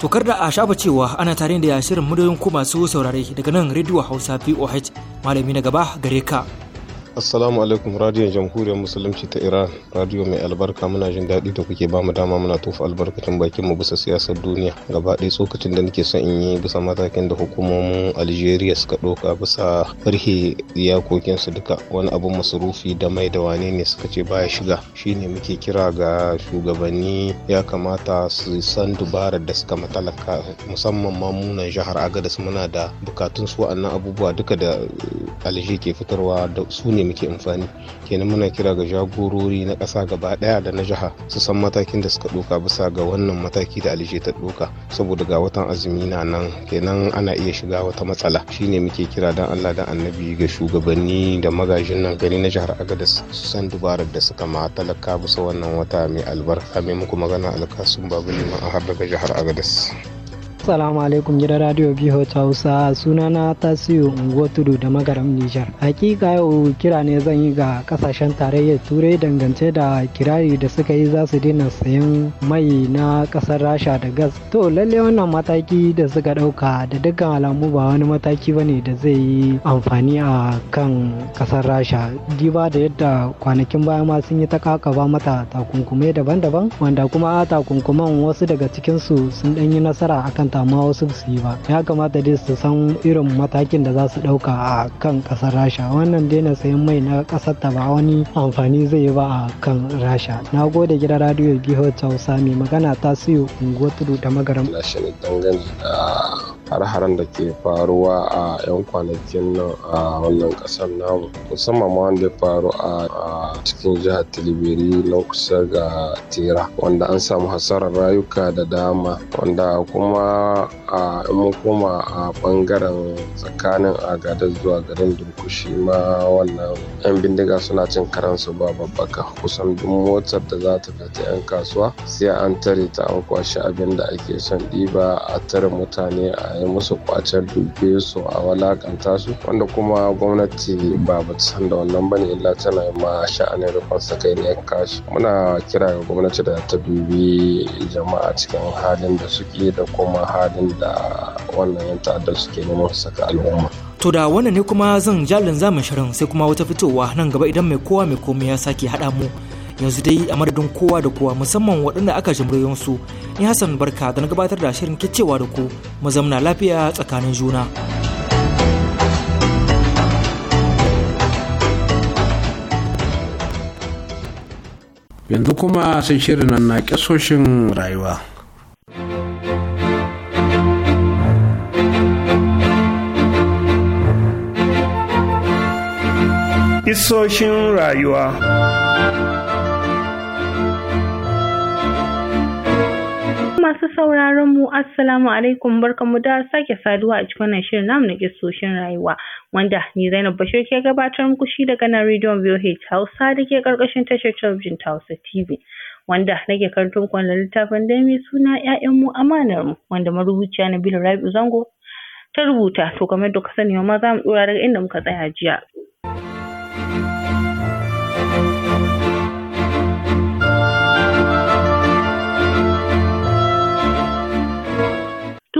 tokar da a shafa cewa ana tare da shirin muryoyin ku masu saurare daga nan rediyo hausa poh malami na gaba gare ka assalamu alaikum radiyon jamhuriyar musulunci ta iran radiyo mai albarka muna jin daɗi da kuke ba mu dama muna tofa albarkacin bakin mu bisa siyasar duniya gaba ɗaya tsokacin da nake son in yi bisa matakin da hukumomin algeria suka ɗauka bisa farhe su duka wani abun masarufi da mai da wane ne suka ce baya shiga shine muke kira ga shugabanni ya kamata su san dubarar da suka matalaka musamman ma munan jihar agadas muna da bukatun su wa'annan abubuwa duka da alje ke fitarwa da su ne muke amfani kenan muna kira ga jagorori na ƙasa gaba ɗaya da na jiha su san matakin da suka ɗauka bisa ga wannan mataki da alije ta doka saboda ga watan azumi na nan kenan ana iya shiga wata matsala shine muke kira dan Allah dan annabi ga shugabanni da magajin nan gari na jihar Agadez su san dubarar da suka ma talaka bisa wannan wata mai albarka mai muku magana alkasun babu neman a har daga jihar Agadez. Assalamu alaikum gidan Radio BH Hausa sunana Tasiu Unguwa Tudu da Magaram Nijar. Hakika yau kira ne zan yi ga kasashen tarayyar Turai dangance da kirari da suka yi za su daina sayan mai na kasar Rasha da gas. To lalle wannan mataki da suka dauka da dukkan alamu ba wani mataki ba ne da zai yi amfani a kan kasar Rasha. Diba da yadda kwanakin baya ma sun yi ta kakaba mata takunkumai daban-daban wanda kuma takunkuman wasu daga cikinsu sun ɗan yi nasara akan kamata ma wasu su yi ba ya kamata dai su san irin matakin da za su ɗauka a kan ƙasar rasha wannan daina sayan mai na ƙasar ta ba wani amfani zai yi ba a kan rasha na gode gidan radiyo bihar hausa mai magana ta siyo unguwa tudu da magaram har-haren da ke faruwa a 'yan kwanakin nan a wannan kasar namu musamman ma wanda ya faru a cikin jihar tilibiri na kusa ga tera wanda an samu hasarar rayuka da dama wanda kuma a mun koma a ɓangaren tsakanin agadar zuwa garin durkushi ma wannan 'yan bindiga suna cin karansu ba babbaka kusan duk motar da za ta fita 'yan kasuwa sai an tare ta an kwashi abin da ake son ɗiba a tare mutane a a yi musu kwacen dubbe su a walakanta su wanda kuma gwamnati ba ba ta san da wannan bane illa tana yi ma sha'anin rufin kai ne kashi muna kira ga gwamnati da ta dubi jama'a cikin halin da suke da kuma halin da wannan yan ta'addar suke neman su saka al'umma to da wannan ne kuma zan jalin zamu shirin sai kuma wata fitowa nan gaba idan mai kowa mai komai ya sake haɗa mu yanzu dai a madadin kowa da kowa musamman waɗanda aka jimriyon su ni hassan barka da na gabatar da shirin kicewa da ku mu lafiya tsakanin juna yanzu kuma sai shirin nan na kyasoshin rayuwa isoshin rayuwa masu sauraron mu assalamu alaikum mu da sake saduwa a cikin wannan shirin namu na kisoshin rayuwa wanda ni Zainab Bashir ke gabatar muku shi daga nan Radio VOH Hausa da ke karkashin tashar talabijin ta Hausa TV wanda nake karanto muku wannan littafin da mai suna ƴaƴan mu amanar mu wanda marubuciya Nabila Rabi'u Zango ta rubuta to kamar da ka sani ma za mu dora daga inda muka tsaya jiya.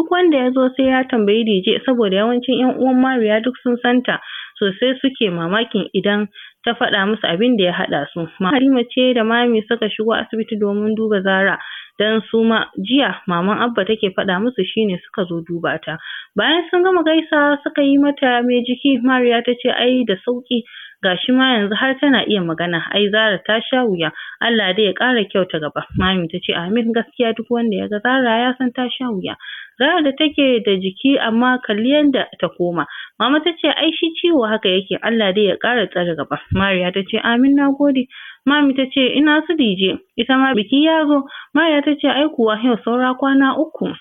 duk wanda ya zo sai ya tambayi DJ saboda yawancin yan uwan mariya duk sun santa sosai suke mamakin idan ta faɗa musu abin da ya haɗa su halima ce da mami suka shigo asibiti domin duba zara dan su ma jiya maman abba take faɗa musu shine suka zo duba ta bayan sun gama gaisawa suka yi mata mai jiki mariya ta ce ai da sauƙi. Ga shi ma yanzu har tana iya magana ai Zara ta sha wuya Allah dai ya ƙara kyauta gaba mami tace amin gaskiya duk wanda ya ga Zara ya san ta sha wuya Zara da take da jiki amma kalli yanda ta koma mama tace ai shi ciwo haka yake Allah dai ya ƙara tsare gaba Mariya tace amin nagode Mami ta ce ina su dije ita ma biki ya zo Mariya ta ce ai kuwa yau saura kwana uku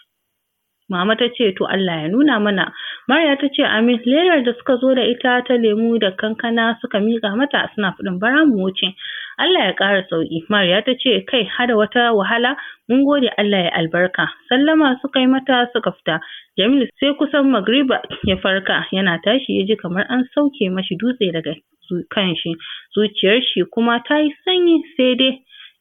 Mama ta ce to Allah ya nuna mana. Marya ta ce amin lerar da suka zo da ita ta lemu da kankana suka mika mata suna faɗin bara mu wuce. Allah ya ƙara sauƙi. Marya ta ce kai hada wata wahala mun gode Allah ya albarka. Sallama suka yi mata suka fita. Jamil sai kusan magriba ya farka yana tashi ya ji kamar an sauke mashi dutse daga kan shi. Zuciyar shi kuma ta yi sanyi sai dai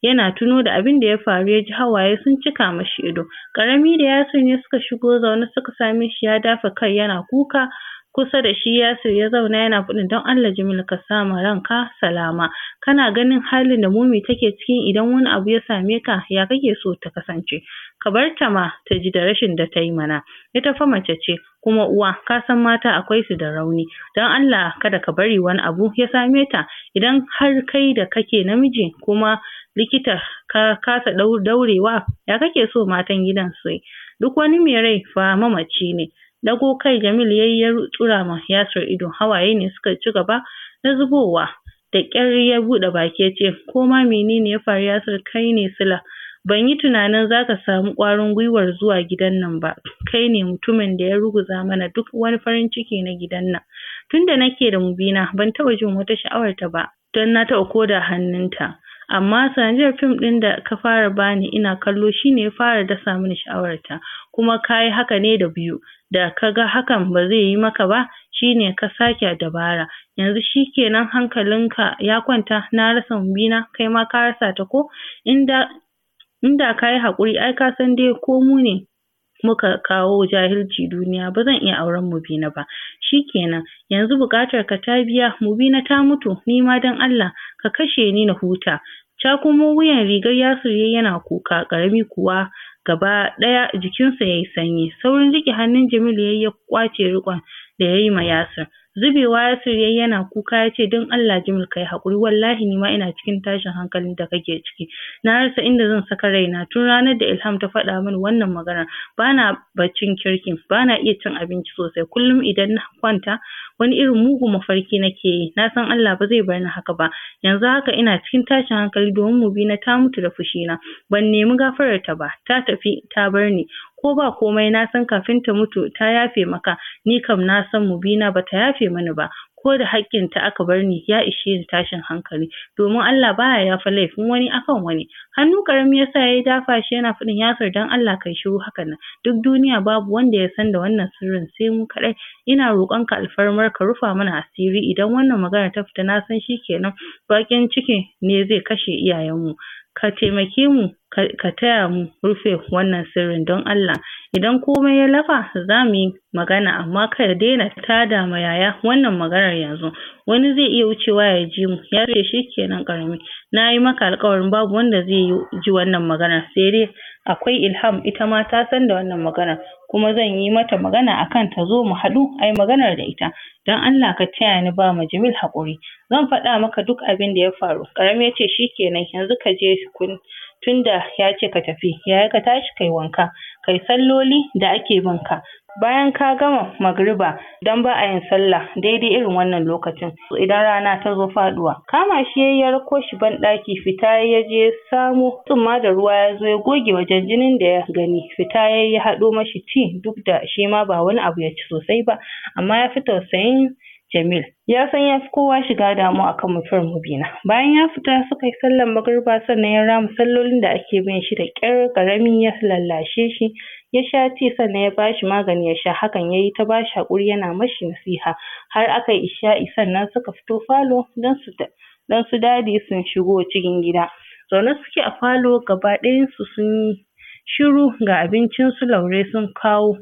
yana tuno da abin da ya faru ya ji hawaye sun cika mashi ido ƙarami da Yasir ne suka shigo zaune suka same shi ya dafa kai yana kuka kusa da shi Yasir ya zauna yana faɗin don Allah jimin ka sama ranka salama kana ganin halin da Momi take ciki idan wani abu ya same ka ya kake so ta kasance ka bar ta ma ta ji da rashin da ta yi mana ita fa mace ce kuma uwa ka san mata akwai su da rauni don Allah kada ka bari wani abu ya same ta idan har kai da kake namiji kuma likita ka kasa daurewa ya kake so matan gidan su yi duk wani mai rai fa mamaci ne dago kai Jamil yayi ya tsura ma Yasir ido hawaye ne suka ci gaba na zubowa da ƙyar ya buɗe baki ya ce ko ma menene ya faru Yasir kai ne Sila Ban yi tunanin za ka samu ƙwarin gwiwar zuwa gidan nan ba, kai ne mutumin da ya ruguza mana duk wani farin ciki na gidan nan. Tunda nake da Mubina ban taɓa jin wata sha'awarta ba, don na taɓa koda hannunta. Amma sanadiyyar fim ɗin da ka fara ba ni ina kallo shi ne ya fara dasa mini sha'awarta. ta, kuma yi haka ne da biyu, da ka ga hakan ba zai yi maka ba Shi ne ka sake dabara. Yanzu shi kenan hankalinka ya kwanta na rasa Mubina ma ka rasa ta ko? In da in da kayi haƙuri ai ka san dai ko mu ne muka kawo jahilci duniya ba zan iya auren Mubina ba Shi shikenan yanzu buƙatar ka ta biya Mubina ta mutu nima dan Allah ka kashe ni na huta cakumo wuyan rigar Yasir yai yana kuka ƙarami kuwa gaba ɗaya jikinsa yayi sanyi saurin riƙe hannun Jamilu ya ya ƙwace riƙon da yayi ma Yasir Zubewa ya yi yana kuka ya ce don Allah Jimil ka yi haƙuri wallahi nima ina cikin tashin hankalin da kake ciki. Na rasa inda zan saka raina tun ranar da Ilham ta faɗa min wannan magana bana baccin kirki bana iya cin abinci sosai kullum idan na kwanta wani irin mugun mafarki nake yi na san Allah ba zai bar ni haka ba yanzu haka ina cikin tashin hankali domin na ta mutu da fushi na. ban nemi gafarar ta ba ta tafi ta barni. ko ba komai na san kafin ta mutu ta yafe maka ni kam na san mu mubina bata yafe mani ba ko da haƙƙin ta aka bar ni ya ishe ni tashin hankali domin Allah baya yafe laifin wani akan wani hannu karami yasa yayi dafa shi yana faɗin yasir dan Allah kai shiru hakan nan duk duniya babu wanda ya san da wannan sirrin sai mu kaɗai ina roƙon ka alfarmar ka rufa mana asiri idan wannan magana ta fita na san shikenan baƙin ciki ne zai kashe iyayen mu ka taimake mu ka taya mu rufe wannan sirrin don Allah idan komai ya lafa za mu yi magana amma ka daina tada ma yaya wannan maganar yanzu wani zai iya wucewa ya ji mu ya ce kenan ƙarami na yi maka alƙawarin babu wanda zai ji wannan maganar sai dai akwai Ilham ita ma ta san da wannan maganar kuma zan yi mata magana akan ta zo mu haɗu ai maganar da ita don Allah ka taya ni ba ma Jamil haƙuri zan faɗa maka duk abin da ya faru ƙarami ya ce kenan, yanzu ka je tunda ya ce ka tafi yaya ka tashi kai wanka kai salloli da ake bin ka bayan ka gama magriba don ba a yin sallah daidai irin wannan lokacin idan rana ta zo faduwa kama shi yayi ya rako shi banɗaki fita ya je ya samo tsumma da ruwa ya zo ya goge wajen jinin da ya gani fita ya ya haɗo mashi ci duk da shi ba wani abu ya ci sosai ba amma ya fi tausayin Jamil ya san ya fi kowa shiga damuwa akan mutuwar Mubina. Bayan ya fita suka yi sallar magariba sannan ya ramu sallolin da ake bin shi da ƙyar ƙarami ya lallashe shi ya sha tea sannan ya ba shi magani ya sha hakan ya yi ta ba shi haƙuri yana mashi nasiha har aka yi isha'i sannan suka fito falo don su don su dadi sun shigo cikin gida. Zaune suke a falo gaba ɗayan sun yi shiru ga abincin su Laure sun kawo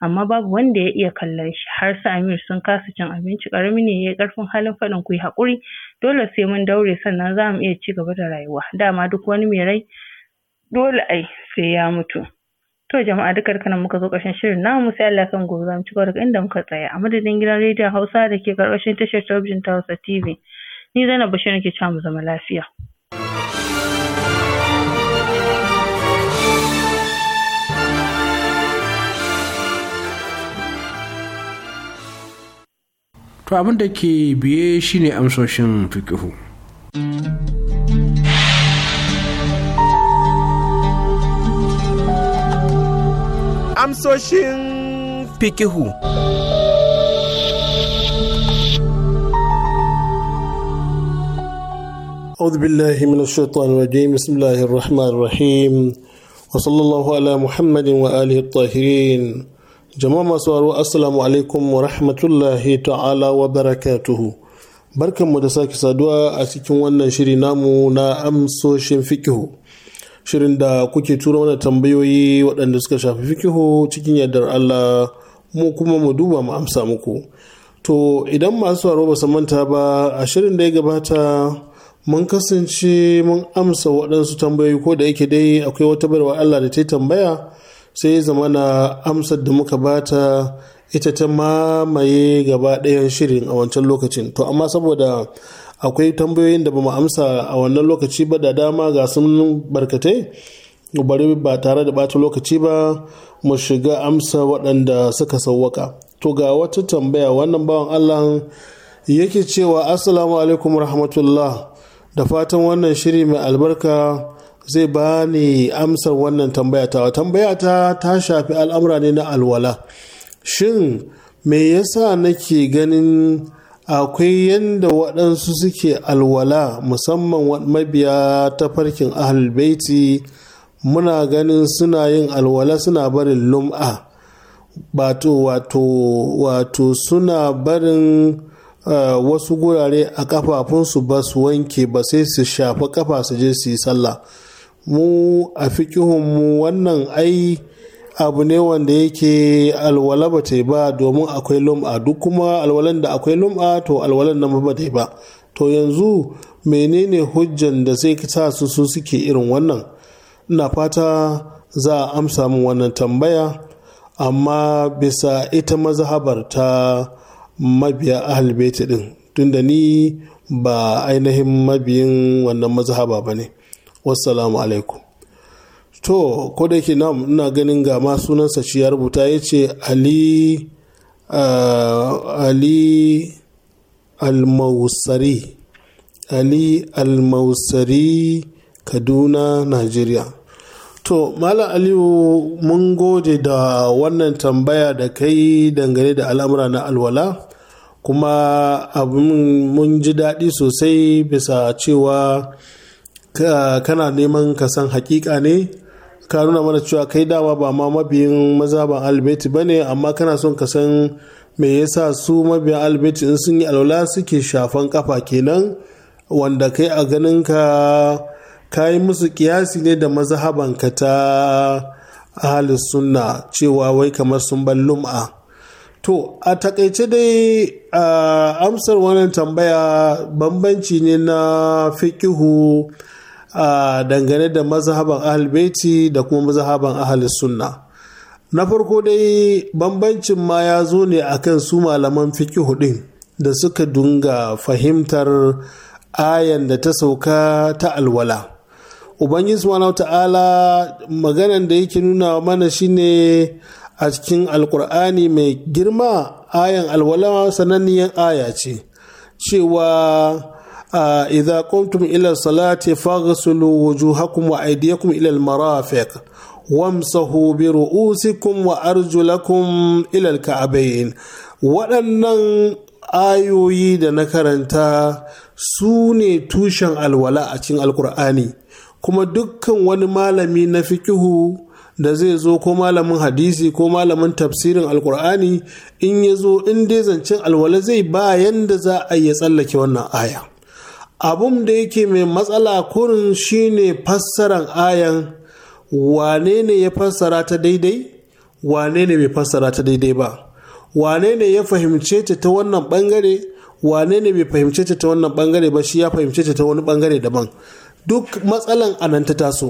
amma babu wanda ya iya kallon shi har su Amir sun kasa cin abinci ƙarami ne yayi ƙarfin halin faɗin kuyi yi haƙuri dole sai mun daure sannan za mu iya cigaba da rayuwa dama duk wani mai rai dole ai sai ya mutu to jama'a duka duka nan muka zo ƙarshen shirin namu sai Allah kan gobe za mu ci daga inda muka tsaya a madadin gidan rediyon Hausa da ke ƙarƙashin tashar talabijin ta Hausa TV ni Zainab Bashir nake cewa mu zama lafiya to abin da ke biye shine amsoshin fikihu amsoshin fikihu أعوذ بالله من الشيطان الرجيم بسم الله الرحمن الرحيم وصلى الله على محمد وآله الطاهرين jama'a masu waro assalamu alaikum wa rahmatullahi ta'ala wa barakatuhu barkanmu da sake saduwa a cikin wannan shiri namu na amsoshin fikihu shirin da kuke tura mana tambayoyi waɗanda suka shafi fikihu cikin yardar Allah mu kuma mu duba mu amsa muku to idan masu waro ba manta ba a shirin da ya gabata mun kasance mun amsa waɗansu tambayoyi ko da yake dai akwai wata barwa Allah da ta yi tambaya sai ya zama na amsar da muka bata ita ta mamaye gaba ɗayan shirin a wancan lokacin to amma saboda akwai tambayoyin da ba mu amsa a wannan lokaci ba da dama ga sun barkatai bari ba tare da bata lokaci ba mu shiga amsa waɗanda suka sauwaka to ga wata tambaya wannan bawan allah yake cewa assalamu alaikum rahmatullah da fatan wannan shiri mai albarka zai ba ni amsar wannan tambaya ta tambaya ta ta shafi al'amura ne na alwala shin me yasa nake ganin akwai yadda waɗansu suke alwala musamman mabiya ta farkin ahalbaiti muna ganin suna yin alwala suna barin lum'a wato wato suna barin Uh, wasu gurare a kafafunsu ba su wanke ba sai su shafa kafa su je su yi sallah mu a fikihun mu wannan ai abu ne wanda yake alwala ba ta ba domin akwai lum'a duk kuma alwalan da akwai lum'a to alwalan nan ba ta ba to yanzu menene hujjan da zai sa su su suke irin wannan ina fata za a amsa min wannan tambaya amma bisa ita mazhabar ta mabiya ahalbeti din tunda ni ba ainihin mabiyin wannan mazhaba ba ne wassalamu alaikum to ko da yake ina ganin ga ma sunansa shi ya rubuta ya ce ali uh, ali almausari ali almausari kaduna nigeria to malam aliyu mun gode da wannan tambaya da kai dangane da al'amura na alwala kuma abin mun ji daɗi sosai bisa cewa kana neman ka san hakika ne ka nuna mana cewa kai dama ba ma mabiyin mazaban albeti ba ne amma kana son ka san me yasa su mabiyan albeti in sun yi alwala suke shafan kafa kenan wanda kai a ganin ka ka yi musu kiyasi ne da ka ta ahalis sunna cewa wai kamar sun ban lum'a to a takaice dai amsar wannan tambaya bambanci ne na fikihu a dangane da mazhaban ahalbeti da kuma mazhaban ahalis sunna na farko dai bambancin ma ya zo ne akan su malaman fikihu din da suka dunga fahimtar ayan da ta sauka ta alwala ubangiji wa ta'ala maganan da yake nuna mana shine a cikin alkur'ani mai girma ayan alwala sananniyan aya ce cewa idza qumtum ila salati faghsulu wujuhakum wa aydiyakum ila al-marafiq wamsahu bi ru'usikum wa waɗannan ayoyi da na karanta su ne tushen alwala a cikin alkur'ani kuma dukkan wani malami na fikihu da zai zo ko malamin hadisi ko malamin tafsirin alkur'ani in ya zo in dai zancen alwala zai ba yanda za a iya tsallake wannan aya abun da yake mai matsala kurin shine fassaran ayan wane ne ya fassara ta daidai wane ne bai fassara ta daidai ba wane ne ya fahimce ta ta wannan bangare wane ne bai fahimce ta ta wannan bangare ba shi ya fahimce ta ta wani bangare daban duk matsalan anan ta taso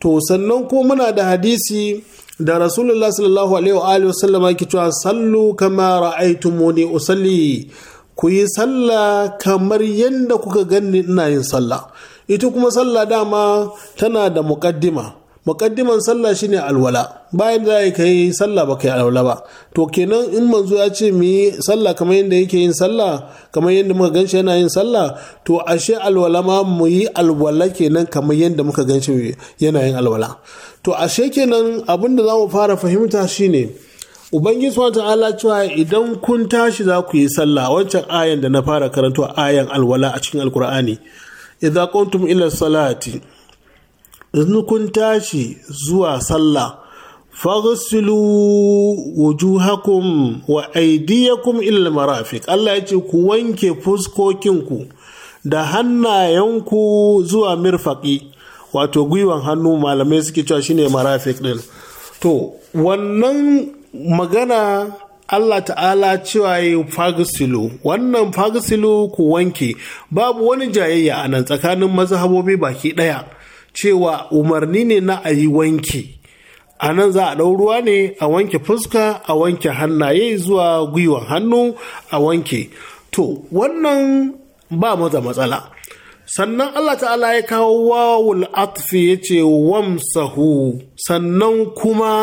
to sannan ko muna da hadisi da rasulullah sallallahu alaihi wa alihi wasallama yake cewa sallu kama ra'aytumuni usalli ku yi sallah kamar yadda kuka ganni ina yin sallah ita kuma sallah dama tana da muƙaddima muƙaddiman sallah shine alwala bayan da ka yi sallah ba ka yi alwala ba to kenan in manzo ya ce mu yi sallah kamar yadda yake yin sallah kamar yadda muka shi yana yin sallah to ashe alwala ma mu yi alwala kenan kamar yadda muka shi yana yin alwala to ashe kenan abin da za mu fara fahimta shine Ubangiji subhanahu ta'ala cewa idan kun tashi za ku yi sallah wancan ayan da na fara karanto ayan alwala a cikin alkur'ani idza qumtum ila salati idan kun tashi zuwa sallah faghsilu wujuhakum wa aydiyakum ila marafiq Allah ya ce ku wanke fuskokinku da hannayenku zuwa mirfaqi wato gwiwan hannu malamai suke cewa shine marafiq din to wannan magana Allah ta'ala cewa ya fagisilu wannan fagisilu ku wanke babu wani jayayya a nan tsakanin mazhabobi baki ɗaya cewa umarni ne na a yi wanke. a nan za a ɗau ruwa ne a wanke fuska a wanke hannaye zuwa gwiwan hannu a wanke to wannan ba maza matsala sannan Allah ta'ala ya kawo wawul atfi ya ce wamsahu sannan kuma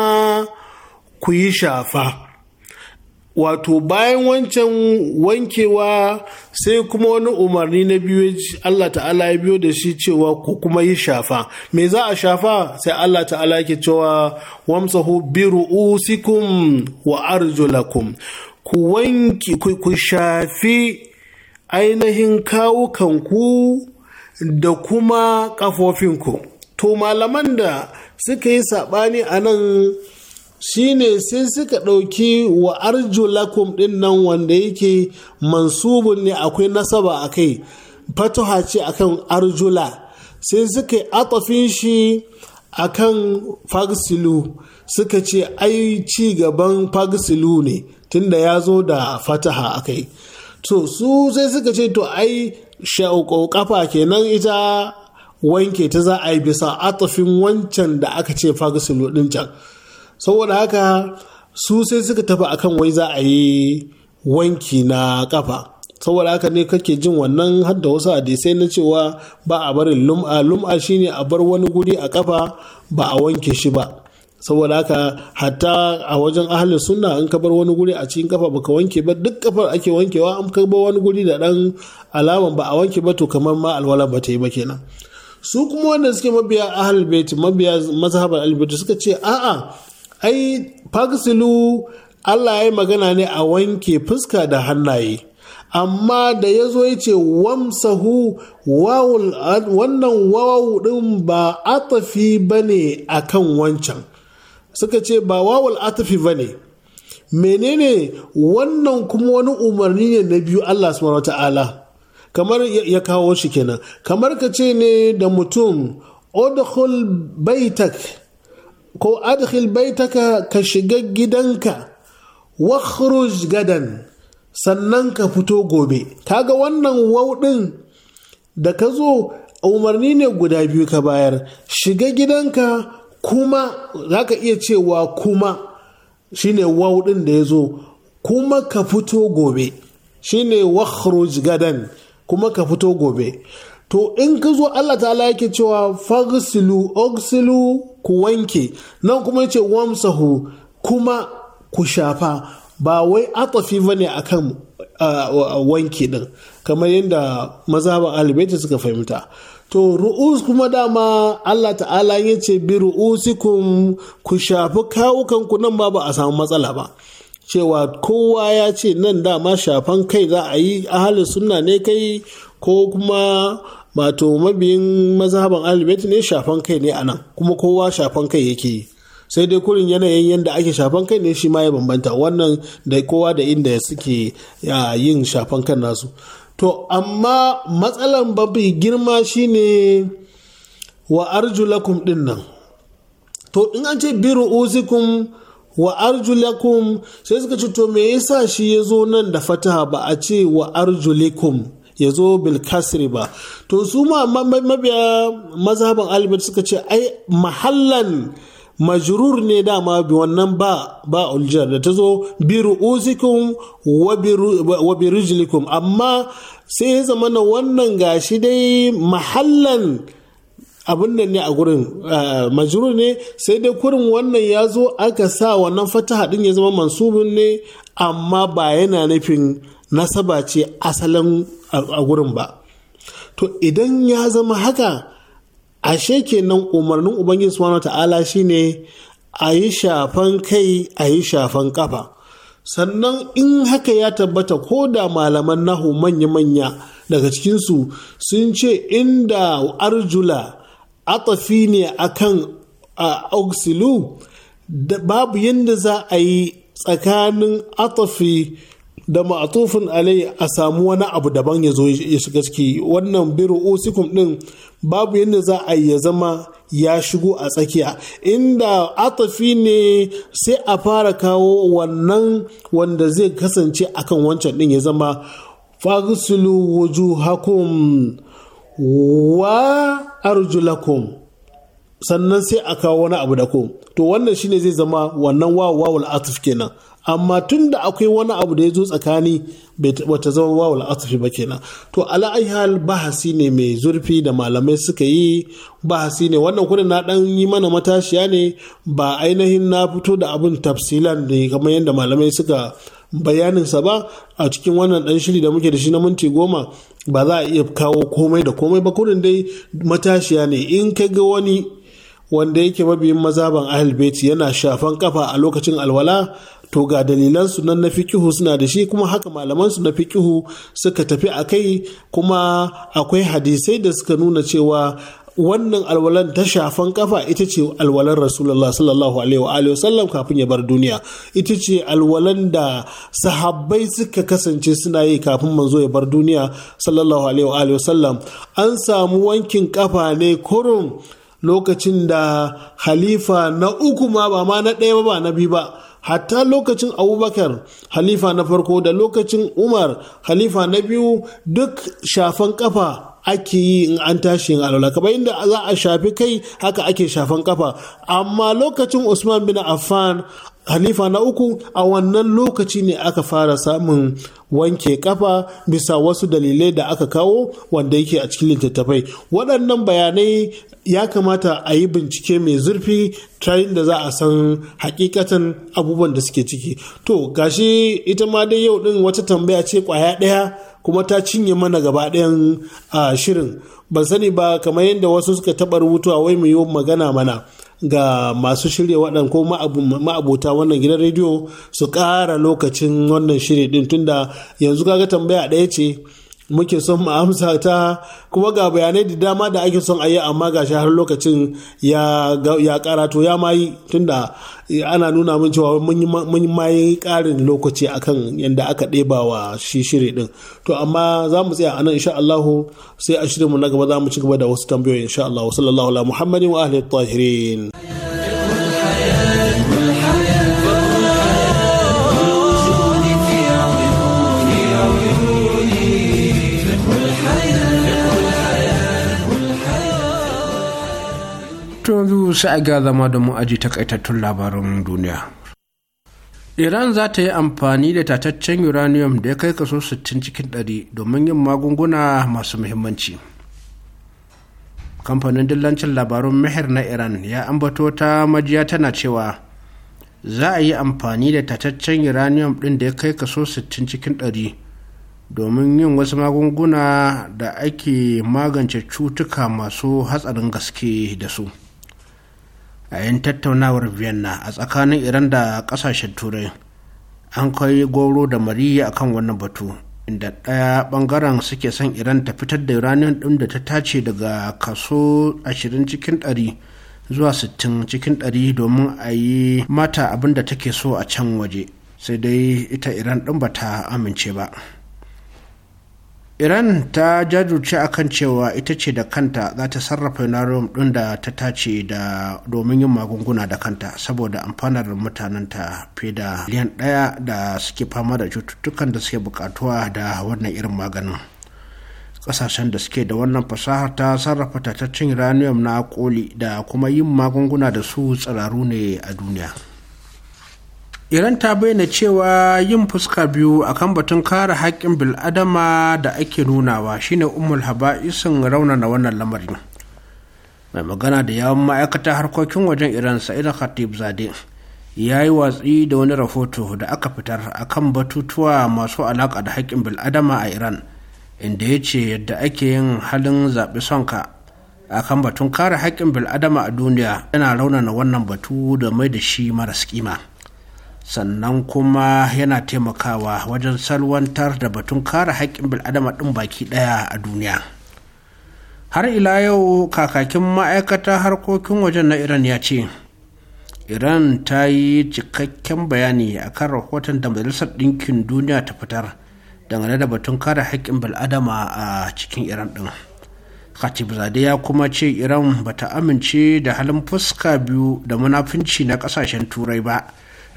ku yi shafa wato bayan wancan wankewa sai kuma wani umarni na biyu Allah ta'ala ya biyo da shi cewa ku kuma yi shafa me za a shafa sai Allah ta'ala ke cewa wamsahu bi wa arjulakum ku wanki ku shafi ainihin kawukanku da kuma kafofinku to malaman da suka yi saɓani a nan shine sai suka ɗauki wa arjulakum ɗin nan wanda yake mansubun ne akwai nasaba a kai fataha ce akan arjula sai suka yi atafin shi akan fagsilu suka ce ai ci gaban fagsilu ne tunda ya zo da fataha a kai, to su sai suka ce to ai shaukau kafa kenan ita wanke ta za a yi bisa atafin wancan da aka ce fagsilu ɗin can saboda haka su sai suka tafi akan wai za a yi wanki na kafa saboda haka ne kake jin wannan hadda wasu hadisai na cewa ba a barin lum'a lum'a shine a bar wani guri a kafa ba a wanke shi ba saboda haka hatta a wajen ahalin sunna in ka bar wani guri a cikin kafa baka wanke ba duk kafar ake wankewa an ka bar wani guri da dan alaman ba a wanke ba to kamar ma alwala ba ta yi ba kenan su kuma wanda suke mabiya ahalin mabiya mazhabar albait suka ce a'a ai fagsilu Allah ya magana ne a wanke fuska da hannaye amma da ya zo ya ce wamsahu wannan wawu din ba atafi ba ne a kan wancan suka ce ba wawul atafi ba ne menene wannan kuma wani umarni ne na biyu Allah subhanahu ta'ala kamar ya kawo shi kenan kamar ka ce ne da mutum odhul baitak ko adkhil baitaka ka shiga gidanka wakhruj gadan sannan ka fito gobe kaga wannan waw din da ka zo umarni ne guda biyu ka bayar shiga gidanka kuma za ka iya cewa kuma shine waw din da ya zo kuma ka fito gobe shine wakhruj gadan kuma ka fito gobe to in ka zo Allah ta'ala yake cewa fagsilu ogsilu ku wanke nan kuma yace wamsahu kuma ku shafa ba wai atafi bane akan wanke din kamar yadda mazhaban alibaita suka fahimta to ru'us kuma dama Allah ta'ala ya ce bi ru'usikum ku shafi kawukan ku nan ba ba a samu matsala ba cewa kowa ya ce nan dama shafan kai za a yi ahalin sunna ne kai ko kuma wato mabiyin mazhaban alibet ne shafan kai ne anan kuma kowa shafan kai yake yi sai dai kurin yanayin yadda ake shafan kai ne shi ma ya bambanta wannan da kowa da inda suke yin shafan kan nasu to amma matsalan babi girma shine wa arjulakum din nan to in an ce biru uzikum wa arjulakum sai suka ce to me yasa shi ya zo nan da fataha ba a ce wa arjulikum ya zo bilkasri ba to su ma mabiya mazhaban albert suka ce ai mahallan majrur ne dama bi wannan ba ba uljar da ta zo bi ru'usikum wa bi rijlikum amma sai ya zama na wannan gashi dai mahallan abin da ne a gurin majrur ne sai dai kurin wannan ya zo aka sa wannan fataha din ya zama mansubin ne amma ba yana nufin nasaba ce asalin a gurin ba to idan ya zama haka ashe kenan umarnin ubangiji subhanahu ta'ala ne a yi shafan kai a yi shafan kafa sannan in haka ya tabbata ko da malaman nahu manya-manya daga cikinsu sun ce inda arjula atafi ne a kan auxilu babu yadda za a yi tsakanin atafi da ma'atufin alai a samu wani abu daban ya zo ya shiga ciki wannan biro osikum din babu yadda za a ya zama ya shigo a tsakiya inda atafi ne sai a fara kawo wannan wanda zai kasance akan wancan din ya zama wuju hakum wa arjulakum sannan sai a kawo wani abu da ko to wannan shine zai zama wannan wawawul atuf kenan amma tun da akwai wani abu da ya zo tsakani wata zama wawul asafi ba kenan to ala hal bahasi ne mai zurfi da malamai suka yi bahasi ne wannan kudin na dan yi mana matashiya ne ba ainihin na fito da abin tafsilan da kamar yadda malamai suka bayanin sa ba a cikin wannan dan shiri da muke da shi na minti goma ba za a iya kawo komai da komai ba kudin dai matashiya ne in ka ga wani wanda yake mabiyin mazaban ahlul yana shafan kafa a lokacin alwala to ga dalilan sunan nan na fikihu suna da shi kuma haka malamansu su na fikihu suka tafi a kai kuma akwai hadisai da suka nuna cewa wannan alwalan ta shafan kafa ita ce alwalan rasulullah sallallahu alaihi wa sallam kafin ya bar duniya ita ce alwalan da sahabbai suka kasance suna yi kafin manzo ya bar duniya sallallahu alaihi wa sallam an samu wankin kafa ne kurun lokacin da halifa na uku ma ba ma na ɗaya ba na biyu ba hatta lokacin abubakar halifa na farko da lokacin umar halifa na biyu duk shafan kafa ake yi in an tashi yin alwala kaba inda za a shafi kai haka ake shafan kafa amma lokacin usman bin affan halifa na uku a wannan lokaci ne aka fara samun wanke kafa bisa wasu dalilai da aka kawo wanda yake a cikin littattafai waɗannan bayanai ya kamata a yi bincike mai zurfi tayin da za a san hakikatan abubuwan da suke ciki to gashi ita ma dai yau din wata tambaya ce kwaya ɗaya kuma ta cinye mana gaba ɗayan shirin ban sani ba kamar yadda wasu suka taɓa rubutuwa wai mu yi magana mana ga masu shirya waɗanda ko ma'abota wannan gidan rediyo su ƙara lokacin wannan shiri ɗin tunda yanzu kaga tambaya ɗaya ce muke son mu amsa ta kuma ga bayanai da dama da ake son a yi amma ga har lokacin ya, ya karato ya mai tunda ana nuna min cewa mun mayi karin lokaci akan yadda aka ɗeba wa shi shiri din to amma za mu tsaya anan insha Allah sai a mu na gaba za mu ci gaba da wasu tambayoyi insha Allah sallallahu alaihi wa alihi tahirin To yanzu sai a ga zama da mu aji takaitattun labaran duniya. Iran za ta yi amfani da tataccen uranium da ya kai kaso 60 cikin 100 domin yin magunguna masu muhimmanci. Kamfanin dillancin labarun Meher na Iran ya ambato ta majiya tana cewa za a yi amfani da tataccen uranium ɗin da ya kai kaso 60 cikin 100 domin yin wasu magunguna da ake magance cutuka masu hatsarin gaske da su. a yin tattaunawar vienna a tsakanin iran da kasashen turai an kai goro da mariya kan wannan batu inda ɗaya ɓangaren suke son iran ta fitar da uranium ɗin da ta tace daga kaso 20 cikin 100 zuwa 60 cikin 100 domin a yi mata abin da take so a can waje sai dai ita iran ɗin ba ta amince ba. iran ta jajirce kan cewa ita ce da kanta za ta sarrafa uranium ɗin da ta tace da domin yin magunguna da kanta saboda amfanar mutanenta fiye da miliyan ɗaya da suke fama da cututtukan da suke bukatuwa da wannan irin maganin kasashen da suke da wannan fasahar ta sarrafa tattacin uranium na koli da kuma yin magunguna da su tsiraru ne a duniya iran ta bayyana cewa yin fuska biyu akan batun kare haƙƙin bil'adama da ake nunawa shine umul haba'isin raunana wannan lamarin mai magana da yawon ma'aikata harkokin wajen iran sa'ida khatib zade ya yi watsi da wani rahoto da aka fitar akan batutuwa masu alaƙa da haƙƙin bil'adama a iran inda ya ce yadda ake yin halin zaɓi sonka akan batun kare haƙƙin bil'adama a duniya yana raunana wannan batu da mai da shi maras kima. sannan kuma yana taimakawa wajen salwantar da batun kare haƙƙin bil'adama ɗin baki ɗaya a duniya har ila yau kakakin ma'aikata harkokin wajen na iran ya ce iran ta yi cikakken bayani a kan rahoton da majalisar ɗinkin duniya ta fitar dangane da batun kare haƙƙin bil'adama a cikin iran ɗin khatibzade ya kuma ce iran bata amince da halin fuska biyu da munafunci na ƙasashen turai ba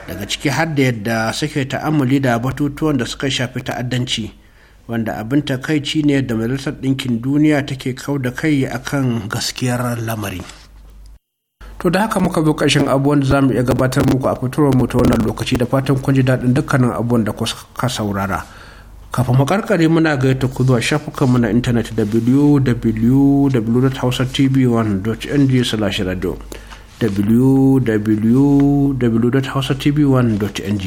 daga ciki har da yadda suke ta'amuli da batutuwan da suka shafi ta'addanci wanda abin takaici ne da majalisar ɗinkin duniya take kau da kai a kan gaskiyar lamari to da haka muka zo ƙarshen abubuwan da za mu iya gabatar muku a fitowar mu ta wannan lokaci da fatan kun ji daɗin dukkanin abubuwan da kuka saurara kafin mu karkare muna gaita ku zuwa shafukanmu na intanet www.hausatv1.ng/radio www.hausatv1.ng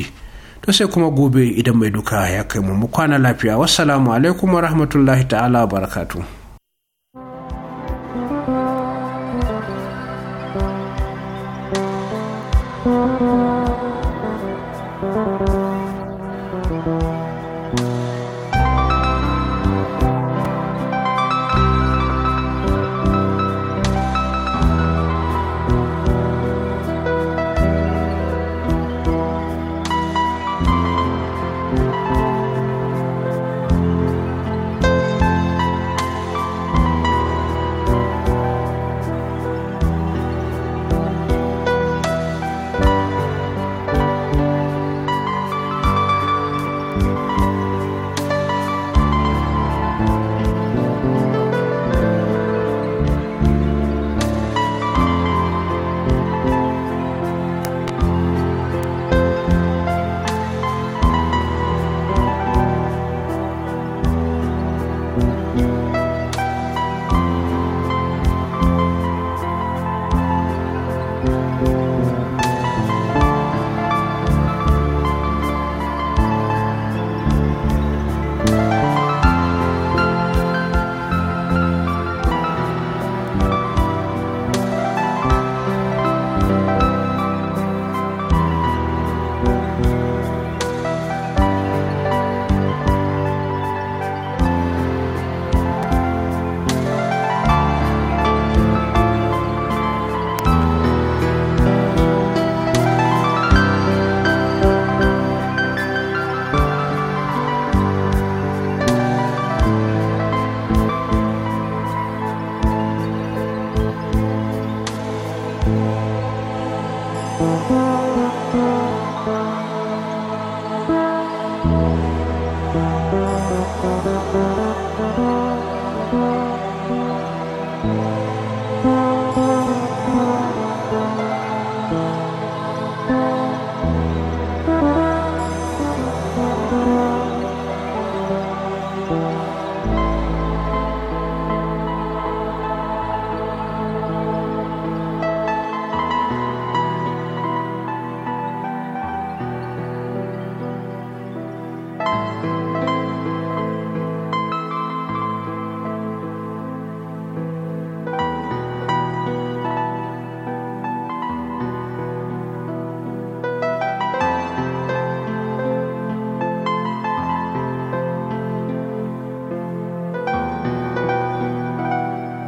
to sai kuma gobe idan mai duka ya kai mu kwana lafiya wassalamu alaikum wa rahmatullahi ta'ala barakatu.